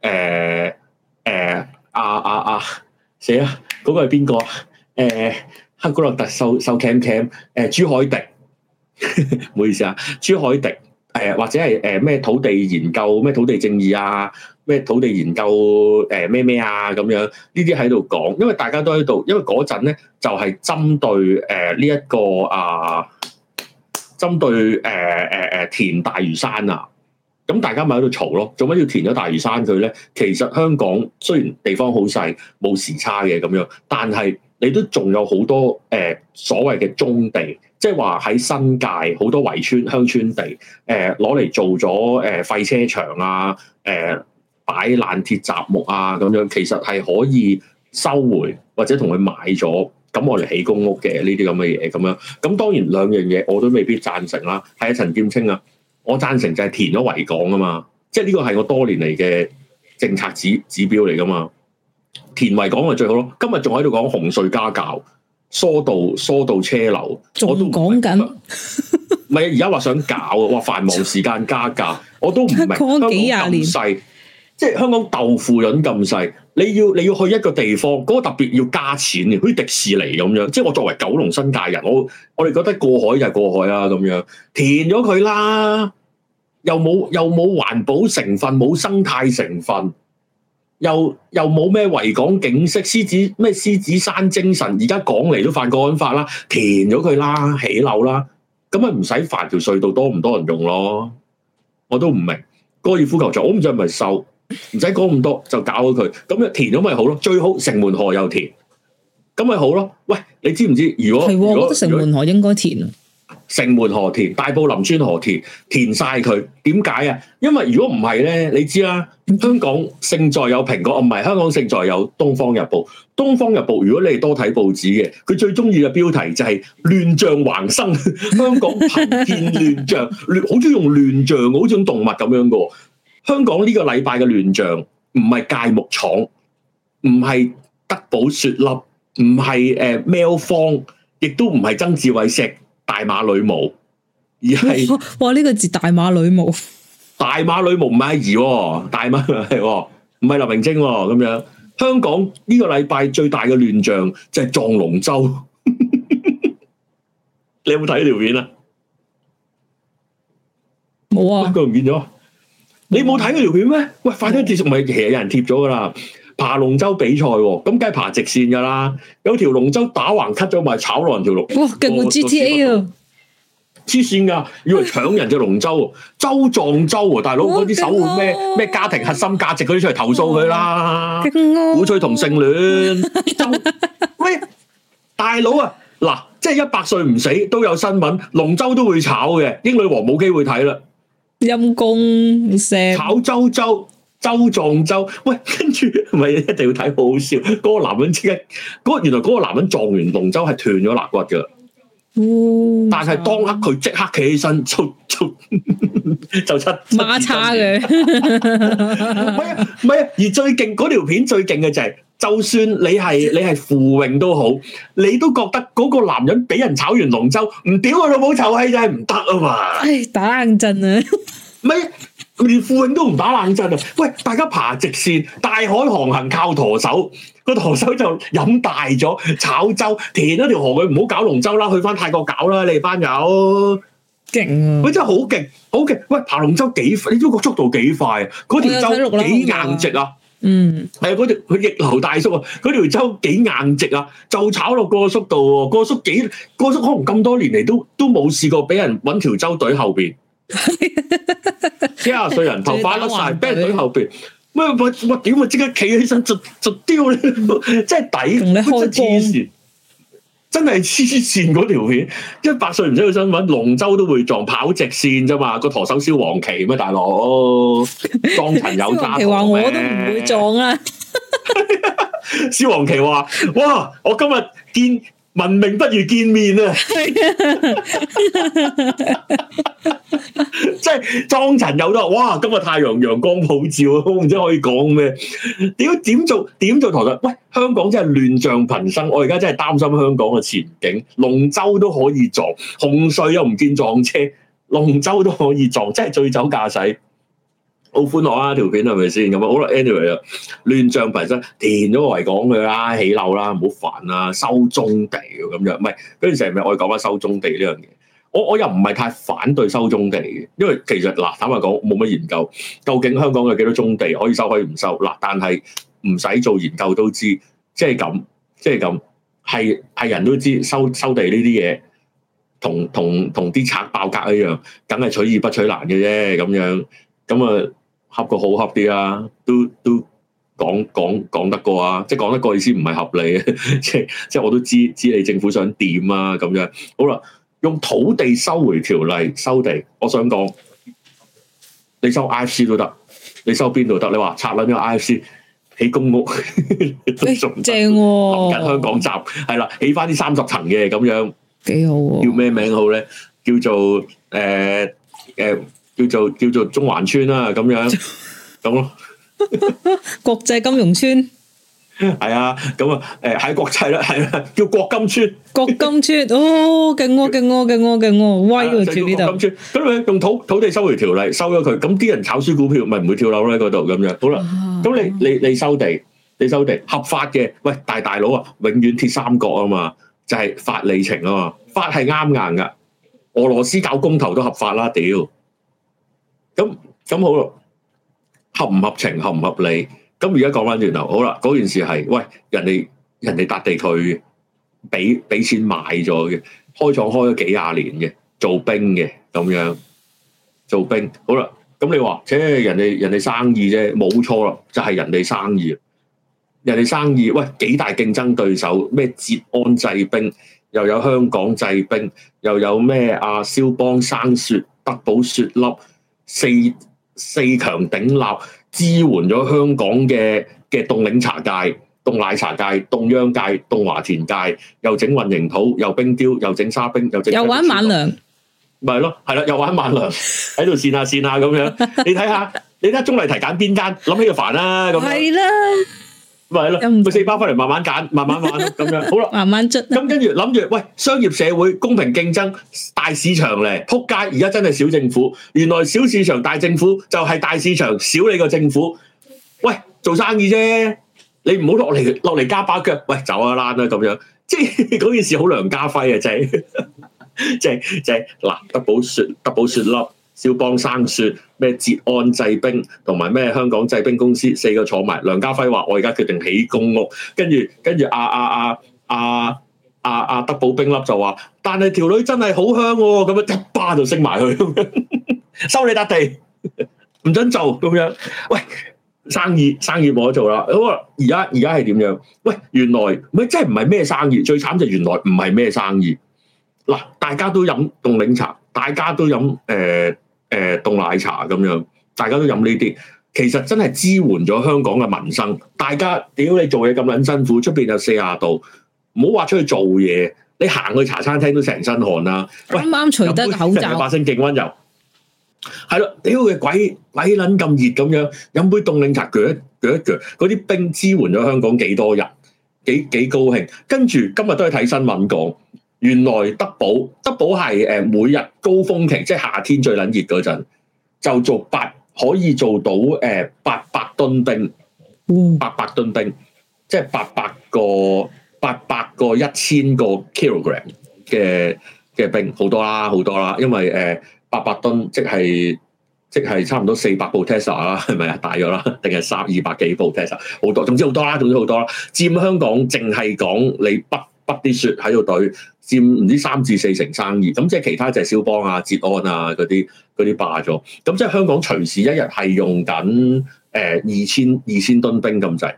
年，誒誒阿阿阿，死啊嗰個係邊個啊？誒黑格洛特收收 cam cam，誒、呃、朱凱迪，唔好意思啊，朱凱迪，誒、呃、或者係誒咩土地研究咩土地正義啊？咩土地研究咩咩、呃、啊咁樣呢啲喺度講，因為大家都喺度，因為嗰陣咧就係、是、針對呢一、呃這個啊，針對、呃呃、填大魚山大嶼山啊，咁大家咪喺度嘈咯，做乜要填咗大嶼山佢咧？其實香港雖然地方好細，冇時差嘅咁樣，但係你都仲有好多誒、呃、所謂嘅棕地，即係話喺新界好多圍村鄉村地誒攞嚟做咗誒廢車場啊誒。呃擺爛鐵雜木啊咁樣，其實係可以收回或者同佢買咗，咁我嚟起公屋嘅呢啲咁嘅嘢咁樣。咁當然兩樣嘢我都未必贊成啦。係啊，陳劍青啊，我贊成就係填咗維港啊嘛，即係呢個係我多年嚟嘅政策指指標嚟噶嘛。填維港係最好咯。今日仲喺度講紅隧加價、疏導疏導車流，仲講緊。唔係啊，而家話想搞啊，話繁忙時間加價， 我都唔明。過幾廿年即係香港豆腐潤咁細，你要你要去一個地方嗰個特別要加錢嘅，好似迪士尼咁樣。即係我作為九龍新界人，我我哋覺得過海就係過海啦，咁樣，填咗佢啦，又冇又冇環保成分，冇生態成分，又又冇咩維港景色，獅子咩獅子山精神，而家講嚟都犯國安法啦，填咗佢啦，起樓啦，咁咪唔使煩條隧道多唔多人用咯？我都唔明，高爾夫球場我唔知係咪收。唔使講咁多，就搞佢，咁樣填咗咪好咯？最好城門河又填，咁咪好咯？喂，你知唔知道？如果係，的果我覺得城門河應該填。城門河填，大埔林村河填，填晒佢。點解啊？因為如果唔係咧，你知啦，香港勝在有蘋果，唔係香港勝在有東方日報。東方日報，如果你係多睇報紙嘅，佢最中意嘅標題就係、是、亂象橫生， 香港貧賤亂象，好中意用亂象，好似動物咁樣噶。香港呢個禮拜嘅亂象，唔係芥木廠，唔係德保雪粒，唔係誒喵坊，亦都唔係曾志偉錫大馬女模，而係哇呢個字大馬女模，大馬女模唔係阿姨，大馬係唔係劉明晶咁樣。香港呢個禮拜最大嘅亂象就係撞龍舟， 你有冇睇條片啊？冇啊，佢唔、啊、見咗。你冇睇嗰條片咩？喂，快啲截！咪其實有人貼咗噶啦，爬龍舟比賽喎，咁梗係爬直線噶啦。有條龍舟打橫 cut 咗埋，炒人條龍。條舟哇！勁、哦、到 GTA，黐線噶，以為搶人隻龍舟，周、哎、撞舟啊！大佬嗰啲守護咩咩家庭核心價值嗰啲出嚟投訴佢啦，鼓吹同性戀。喂、 哎，大佬啊，嗱，即係一百歲唔死都有新聞，龍舟都會炒嘅，英女王冇機會睇啦。陰公聲，炒周周周撞周，喂，跟住唔係一定要睇好笑。嗰個男人即刻，嗰個原來嗰個男人撞完龍舟係斷咗肋骨噶，哦、但係當刻佢即刻企起身，就出馬叉嘅 。唔係唔係，而最勁嗰條片最勁嘅就係。就算你係你係扶泳都好，你都覺得嗰個男人俾人炒完龍舟，唔屌我老母臭氣就係唔得啊嘛！唉，打冷震啊！咩？連扶泳都唔打冷震啊？喂，大家爬直線，大海航行靠舵手，個舵手就飲大咗，炒舟填咗條河佢唔好搞龍舟啦，去返泰國搞啦，你哋班友勁！佢害、啊、真係好勁，好勁！喂，爬龍舟幾快？你呢個速度幾快啊？嗰條舟幾硬直啊？嗯，係啊、哎，嗰條佢逆流大叔啊，條舟幾硬直啊，就炒落個叔度，個叔幾個叔可能咁多年嚟都都冇試過俾人揾條舟隊後邊，幾廿歲人頭髮甩晒俾人隊後邊，咩？我我點會即刻企起身就就丟咧？真係抵，你開真係黐線嗰條片，一百歲唔使去新聞，龍舟都會撞跑直線咋嘛，個舵手燒黃旗咩，大佬撞朋友揸嘅咩？ 旗話我都唔會撞啊！燒黃旗話：嘩，我今日癲！文明不如見面啊 即是莊陳！即係莊陳有都話，嘩！今日太陽陽光普照，我唔知可以講咩？屌點做點做台上？喂，香港真係亂象頻生，我而家真係擔心香港嘅前景。龍舟都可以撞，紅隧又唔見撞車，龍舟都可以撞，真係醉酒駕駛。好歡樂啊，條片係咪先咁啊？好啦 anyway 啊，亂象頻生，填咗個圍港佢啦，起樓啦，唔好煩啦，收宗地咁樣，唔係跟住成日咪我哋講返，收宗地呢樣嘢，我我又唔係太反對收宗地嘅。因為其實嗱，坦白講冇乜研究，究竟香港有幾多宗地可以收可以唔收嗱？但係唔使做研究都知，即係咁，即係咁，係係人都知收收地呢啲嘢，同同同啲拆爆格一樣，梗係取易不取難嘅啫，咁樣咁啊～合個好合啲啊，都都講講講得過啊！即係講得過意思唔係合理、啊，即係即係我都知知你政府想點啊咁樣。好啦，用土地收回條例收地，我想講你收 IFC 都得，你收邊度得？你話拆兩張 IFC 起公屋，誒 仲、欸、正喎，臨緊香港集係啦，起翻啲三十層嘅咁樣，幾好、啊、叫咩名好咧？叫做誒誒。呃呃叫做叫做中環村啦、啊，咁樣咁咯。 樣 國際金融村係啊，咁、呃、啊，誒喺國際啦，係啦，叫國金村。國金村哦，勁喎勁喎勁喎勁喎威喎，住呢度。咁咪用土土地收回條例收咗佢，咁啲人炒輸股票咪唔會跳樓咧？嗰度咁樣，好啦。咁、啊、你你你收地，你收地合法嘅。喂，大大佬啊，永遠鐵三角啊嘛，就係、是、法理情啊嘛，法係啱硬噶。俄羅斯搞公投都合法啦，屌！咁咁好咯，合唔合情，合唔合理？咁而家講翻轉頭，好啦，嗰件事係喂人哋人哋笪地區，佢俾俾錢買咗嘅開廠，開咗幾廿年嘅做冰嘅咁樣做冰好啦，咁你話，即、欸、人哋人哋生意啫，冇錯啦，就係、是、人哋生意。人哋生意喂幾大競爭對手？咩捷安製冰，又有香港製冰，又有咩阿肖邦生雪、德保雪粒。四四強頂立支援咗香港嘅嘅凍檸茶界、凍奶茶界、凍央界、凍華田界，又整混凝土，又冰雕，又整沙冰，又整又玩晚涼，咪係咯，係啦，又玩晚涼喺度線下線下咁樣，你睇下，你睇下中麗提揀邊間，諗起就煩啦，咁樣。嗯、四包翻嚟，慢慢揀，慢慢揾咯，咁樣，好啦，慢慢捽。咁跟住諗住，喂，商業社會公平競爭，大市場嚟，仆街。而家真係小政府，原來小市場大政府就係大市場少你個政府。喂，做生意啫，你唔好落嚟落嚟加把腳，喂，走啊，躝啦、啊，咁樣。即係嗰件事好梁家輝啊，真係，真係真係。嗱，德保雪，德保雪粒。小邦生說咩？捷安製冰同埋咩？香港製冰公司四個坐埋。梁家輝話：我而家決定起公屋。跟住跟住啊啊啊，啊啊啊，啊，啊，啊，德保冰粒就話：但係條女真係好香咁、啊、樣，一巴就升埋去呵呵，收你笪地，唔准做咁樣。喂，生意生意冇得做啦。咁而家而家係點樣？喂，原來咪真係唔係咩生意。最慘就原來唔係咩生意。嗱，大家都飲凍檸茶，大家都飲誒。呃誒、呃、凍奶茶咁樣，大家都飲呢啲，其實真係支援咗香港嘅民生。大家屌你做嘢咁撚辛苦，出面有四十度，唔好話出去做嘢，你行去茶餐廳都成身汗啦。啱啱除得口罩，喂，口罩百姓勁溫柔。係咯，屌、哎、佢鬼鬼撚咁熱咁樣，飲杯凍檸茶，嚼一嚼一嚼，嗰啲冰支援咗香港幾多日，幾幾高興。跟住今日都去睇新聞講。原來德寶德寶係誒每日高峰期，即係夏天最撚熱嗰陣，就做八可以做到誒八百噸冰，八百噸冰，即係八百個八百個一千個 kilogram 嘅嘅冰，好多啦好多啦，因為誒八百噸即係即係差唔多四百部 Tesla 啦，係咪啊大咗啦？定係三二百幾部 Tesla 好多，總之好多啦，總之好多啦，佔香港淨係講你北北啲雪喺度堆。佔唔知三至四成生意，咁即係其他就係肖邦啊、捷安啊嗰啲嗰啲霸咗，咁即係香港隨時一日係用緊誒二千二千噸冰咁滯，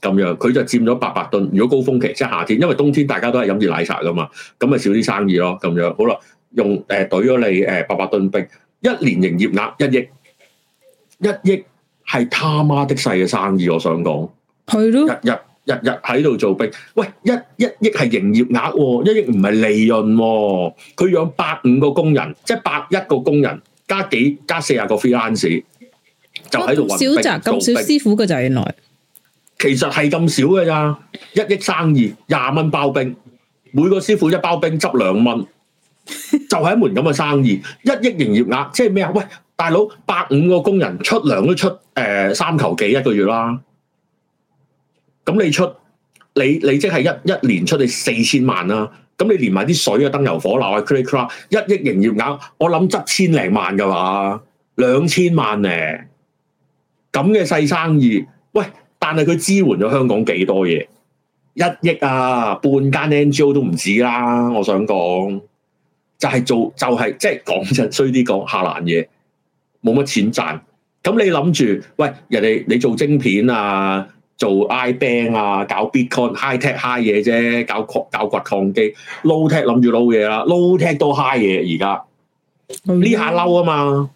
咁樣佢就佔咗八百噸。如果高峯期即係夏天，因為冬天大家都係飲熱奶茶噶嘛，咁咪少啲生意咯。咁樣好啦，用誒㨃咗你誒八百噸冰，一年營業額一億，一億係他媽的細嘅生意，我想講係咯，一的日。日日日喺度做冰，喂，一一億係營業額，一億唔係利潤，哦。佢養百五個工人，即係百一個工人加幾加四十個 freelancer 就喺度做冰，咁少師傅嘅就原來，其實係咁少嘅咋，一億生意廿蚊包冰，每個師傅一包冰執兩蚊，就係、是、一門咁嘅生意。 一億營業額即係咩啊？喂，大佬百五個工人出糧都出誒、呃、三球幾一個月啦。咁你出，你你即係一一年出你四千萬啦、啊。咁你連埋啲水啊、燈油火蠟啊、cray cray，一億營業額，我諗執千零萬㗎話，兩千萬咧，咁嘅細生意。喂，但係佢支援咗香港幾多嘢？一億啊，半間 NGO 都唔止啦。我想講，就係、是、做，就係即係講就衰啲講下欄嘢，冇乜錢賺。咁你諗住，喂，人哋你做晶片啊？做 I b a n g 啊，搞 Bitcoin、High Tech High 嘢啫，搞搞掘礦機 Low Tech 諗住撈嘢啦，Low Tech 都 High 嘢而家呢下嬲啊嘛！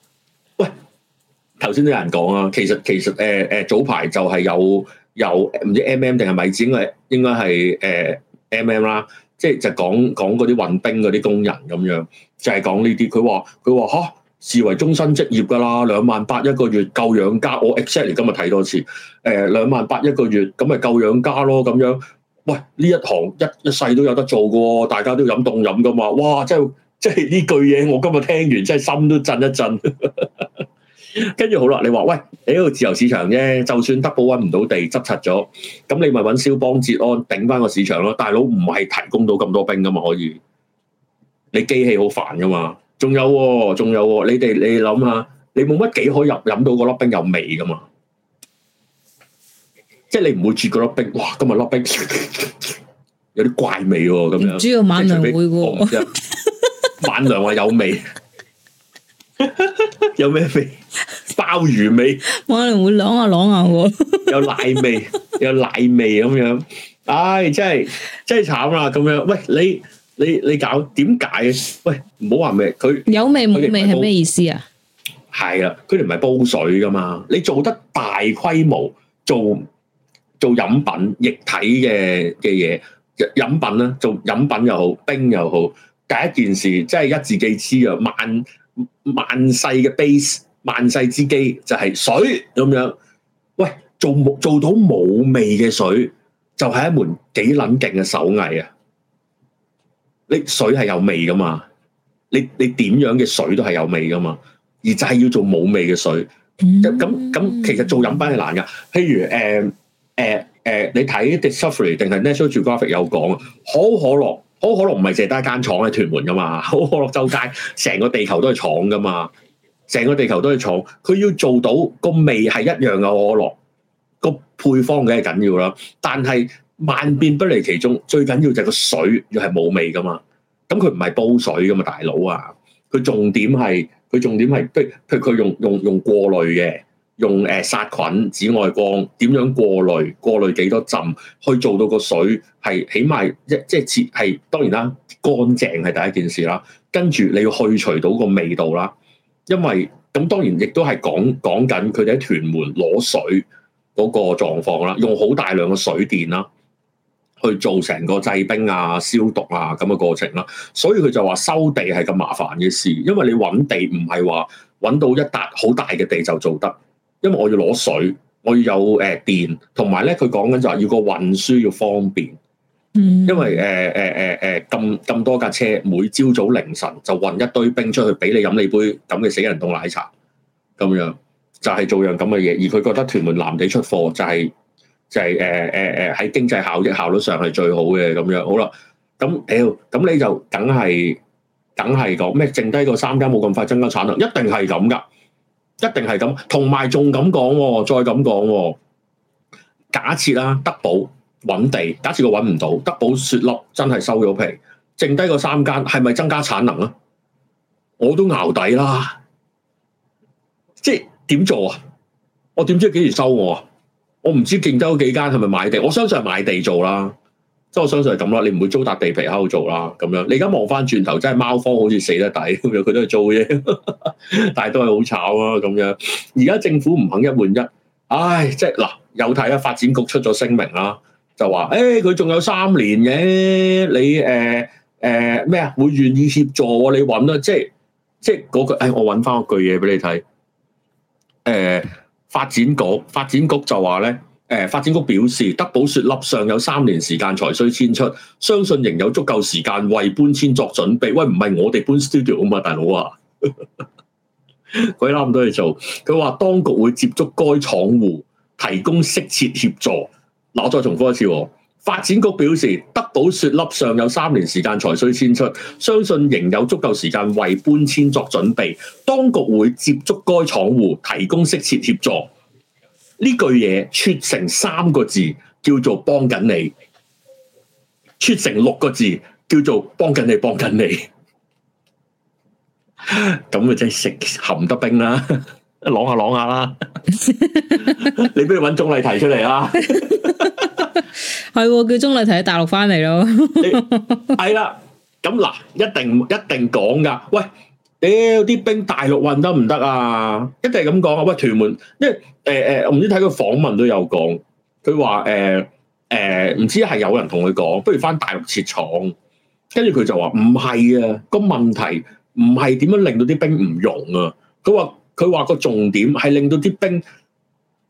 喂，頭先都有人講啊，其實其實誒誒早排就係有有唔知 MM 定係米展，應該應該係、呃、MM 啦，即係就講講嗰啲運冰嗰啲工人咁樣，就係講呢啲佢話佢話嚇。視為終身職業噶啦，兩萬八一個月夠養家，我 accept 你今日睇多次。誒、哎，兩萬八一個月咁咪夠養家咯，咁樣。喂，呢一行一一世都有得做噶，大家都飲凍飲噶嘛。哇，即係即係呢句嘢，我今日聽完真係心都震一震。跟住好啦，你話喂，你喺個自由市場啫，就算德保搵唔到地執柒咗，咁你咪搵肖邦捷安頂翻個市場咯。大佬唔係提供到咁多兵噶嘛，可以。你機器好煩噶嘛？仲有喎，仲有喎！你哋你諗下，你冇乜幾可入飲到嗰粒冰有味噶嘛。即係你唔會啜嗰粒冰，哇！今日粒冰有啲怪味喎，咁樣。主要晚娘會嘅，晚娘話有味，有咩味？鮑魚味，晚娘會啷下啷下喎，有奶味，有奶味咁樣，唉，真係真係慘啦，咁樣，喂你，你你搞點解？喂，唔好話咩，佢有味冇味係咩意思啊？係啊，佢哋唔係煲水噶嘛？你做得大規模做做飲品液體嘅嘅嘢飲品咧，做飲品又好，冰又好，第一件事即係一字記之啊！萬萬世嘅 base，萬世之基就係水咁樣。喂，做做到冇味嘅水，就係一門幾撚勁嘅手藝啊！你水係有味噶嘛你你點樣嘅水都係有味噶嘛而就係要做冇味嘅水，嗯，咁咁其實做飲品係難噶。譬如誒誒誒，你睇 Discovery 定係 Natural Geographic 有講啊，可口可樂，可口可樂唔係淨係得一間廠喺屯門噶嘛可口可樂周街，成個地球都係廠噶嘛，成個地球都係廠，佢要做到個味係一樣嘅可樂，個配方梗係緊要啦，但係。萬變不離其中，最緊要就係個水要係冇味㗎嘛。咁佢唔係煲水㗎嘛，大佬啊！佢重點係佢重點係，譬如譬如佢用用用過濾嘅，用誒、呃、殺菌、紫外光點樣過濾，過濾幾多浸，去做到個水係起碼一即係切係當然啦，乾淨係第一件事啦。跟住你要去除到個味道啦，因為咁當然亦都係講講緊佢哋喺屯門攞水嗰個狀況啦，用好大量嘅水電啦。去做成個製冰啊、消毒啊咁嘅過程啦、啊，所以佢就話收地係咁麻煩嘅事，因為你搵地唔係話搵到一笪好大嘅地就做得，因為我要攞水，我要有誒、呃、電，同埋咧佢講緊就話要個運輸要方便，嗯、因為誒誒誒誒咁咁多架車每朝早凌晨就運一堆冰出去俾你飲你杯咁嘅死人凍奶茶，咁樣就係、是、做這樣咁嘅嘢，而佢覺得屯門南地出貨就係、是。就係誒誒誒喺經濟效益效率上係最好嘅咁樣。好啦，咁咁，哎，你就梗係梗係講咩？剩低個三間冇咁快增加產能，一定係咁噶，一定係咁。同埋仲咁講，再咁講，哦，假設啦，啊，德保搵地，假設佢搵唔到，德保雪粒真係收咗皮，剩低個三間係咪增加產能啊？我都熬底啦，即係點做啊？我點知幾時收我啊？我唔知瓊州幾間係咪買地？我相信係買地做啦，即係我相信係咁啦，你唔會租笪地皮喺度做啦咁樣。你而家望翻轉頭，真係喵坊好似死得抵，咁樣佢都係租啫，但係都係好炒啊咁樣。而家政府唔肯一換一，唉，即係嗱，有睇啊，發展局出咗聲明啦，就話：，誒、欸，佢仲有三年嘅，你誒誒咩啊，會願意協助你揾啦，即係即係嗰句。誒，我揾翻個句嘢俾你睇，誒、欸。發展局發展局就話咧，誒、欸、發展局表示，德保雪粒尚有三年時間才需遷出，相信仍有足夠時間為搬遷作準備。喂，唔係我哋搬 studio 啊嘛，大佬啊，鬼啦咁多嘢做。佢話當局會接觸該廠戶，提供適切協助。嗱，我再重複一次、哦。發展局表示，德保雪粒尚有三年時間才需遷出，相信仍有足夠時間為搬遷作準備。當局會接觸該廠戶，提供適切協助。呢句嘢，出成三個字叫做幫緊你；出成六個字叫做幫緊你，幫緊你。咁啊， 這樣真係食冚得冰啦，攞 下攞下啦！ 你不如揾鍾麗緹出嚟啦～ 係叫鐘麗緹喺大陸翻嚟咯，係啦，咁嗱，一定一定講噶。喂，屌啲兵大陸運得唔得啊？一定係咁講啊。喂，屯門，即係誒誒，我唔知睇個訪問都有講，佢話誒誒，唔知係有人同佢講，不如翻大陸設廠，跟住佢就話唔係啊，個問題唔係點樣令到啲兵唔用啊。佢話佢話個重點係令到啲兵。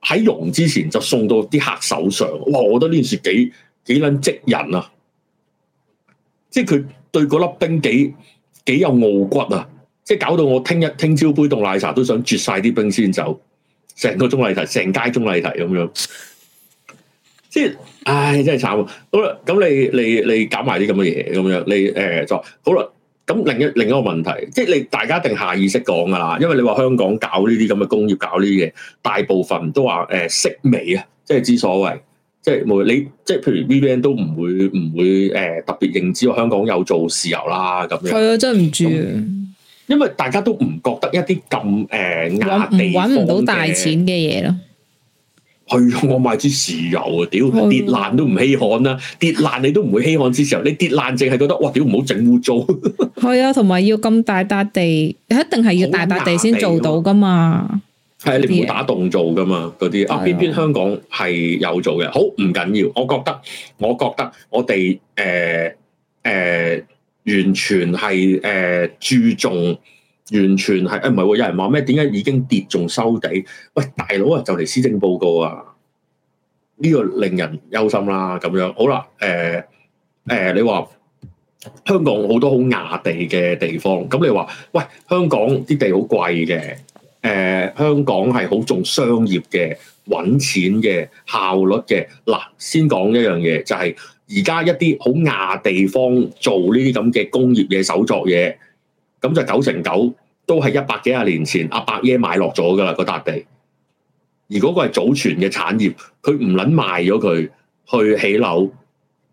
喺溶之前就送到啲客手上，哇！我覺得呢件事幾幾撚激人啊！即係佢對嗰粒冰幾幾有傲骨啊！即係搞到我聽日聽朝杯凍奶茶都想啜晒啲冰先走，成個鍾麗緹，成街鍾麗緹咁樣。即係，唉，真係慘啊！好啦，咁你你你搞埋啲咁嘅嘢咁樣，你誒就、欸、好啦。咁另一另一個問題，即你大家一定下意識講噶啦，因為你話香港搞呢啲咁嘅工業，搞呢啲嘢，大部分都話誒識美啊，即係之所謂，即係冇你，即係譬如 VVN 都唔會唔會、欸、特別認知我香港有做豉油啦咁樣。係啊，真唔知因為大家都唔覺得一啲咁誒搵唔到大錢嘅嘢咯。去啊，我買支豉油啊！屌跌爛都唔稀罕啦，跌爛你都唔會稀罕支豉油，你跌爛淨係覺得哇！屌唔好整污糟。係啊，同埋要咁大笪地，一定係要大笪地先做到噶嘛。係啊，你唔好打洞做噶嘛，嗰啲啊偏偏香港係有做嘅。好唔緊要，我覺得我覺得我哋誒誒完全係誒、呃、注重。完全係啊，唔係喎！有人話咩？點解已經跌仲收地？喂，大佬啊，就嚟施政報告啊！呢、這個令人憂心啦，咁樣好啦，誒、呃、誒、呃，你話香港好多好壓地嘅地方，咁、嗯、你話，喂，香港啲地好貴嘅，誒、呃，香港係好重商業嘅、揾錢嘅、效率嘅。嗱，先講一樣嘢，就係而家一啲好壓地方做呢啲咁嘅工業嘅手作嘢。咁就九成九都係一百幾廿年前阿伯爺買落咗㗎啦，嗰笪地。而嗰個係祖傳嘅產業，佢唔撚賣咗佢去起樓，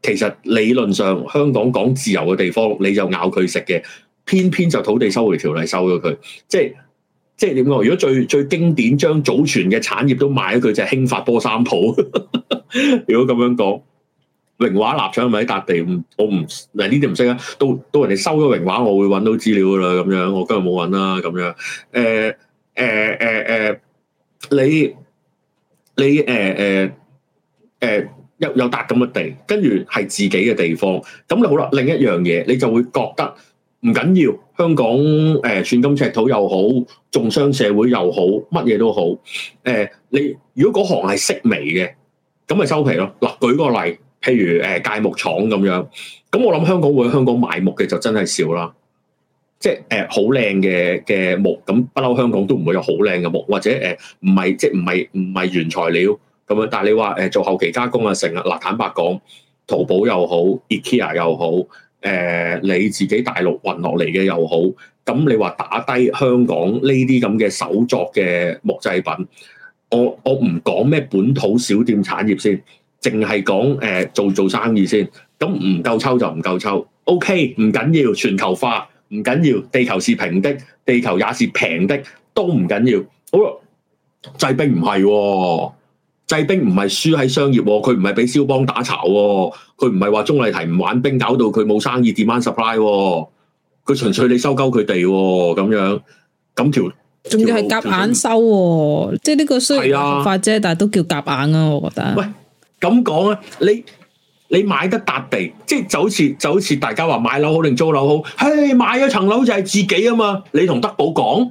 其實理論上香港講自由嘅地方，你就咬佢食嘅，偏偏就土地收回條例收咗佢，即係即係點講？如果最最經典將祖傳嘅產業都賣咗佢，就係、是、興發波三鋪。 如果咁樣講。榮華臘腸咪喺笪地，我唔嗱呢啲唔識啊，到到人哋收咗榮華，我會揾到資料噶啦，咁樣我今日冇揾啦，咁樣，誒誒誒誒，你你誒誒誒有有笪咁嘅地，跟住係自己嘅地方，咁你好啦，另一樣嘢你就會覺得唔緊要，香港誒、呃、寸金尺土又好，重商社會又好，乜嘢都好，誒、呃、你如果嗰行係式微嘅，咁咪收皮咯嗱，舉個例子。譬如誒界木廠咁樣，咁我諗香港會香港賣木嘅就真係少啦，即係誒好靚嘅嘅木，咁不嬲香港都唔會有好靚嘅木，或者唔係即係唔係唔係原材料咁樣，但係你話、呃、做後期加工啊成日，嗱坦白講，淘寶又好，IKEA 又好、呃，你自己大陸運落嚟嘅又好，咁你話打低香港呢啲咁嘅手作嘅木製品，我我唔講咩本土小店產業先。淨係講誒做做生意先，咁唔夠抽就唔夠抽。OK，唔緊要，全球化唔緊要，地球是平的，地球也是平的，都唔緊要。好啦，製冰唔係喎，製冰唔係輸喺商業，佢唔係俾肖邦打巢，佢唔係話鍾麗緹唔玩冰搞到佢冇生意，demand supply，佢純粹你收鳩佢哋咁樣，咁條仲要係夾硬收、哦，即係呢個雖然合法啫，但係都叫夾硬啊，我覺得。喂咁講啊，你你買得笪地，即係就好似就好似大家話買樓好定租樓好，嘿，買咗層樓就係自己啊嘛，你同德保講。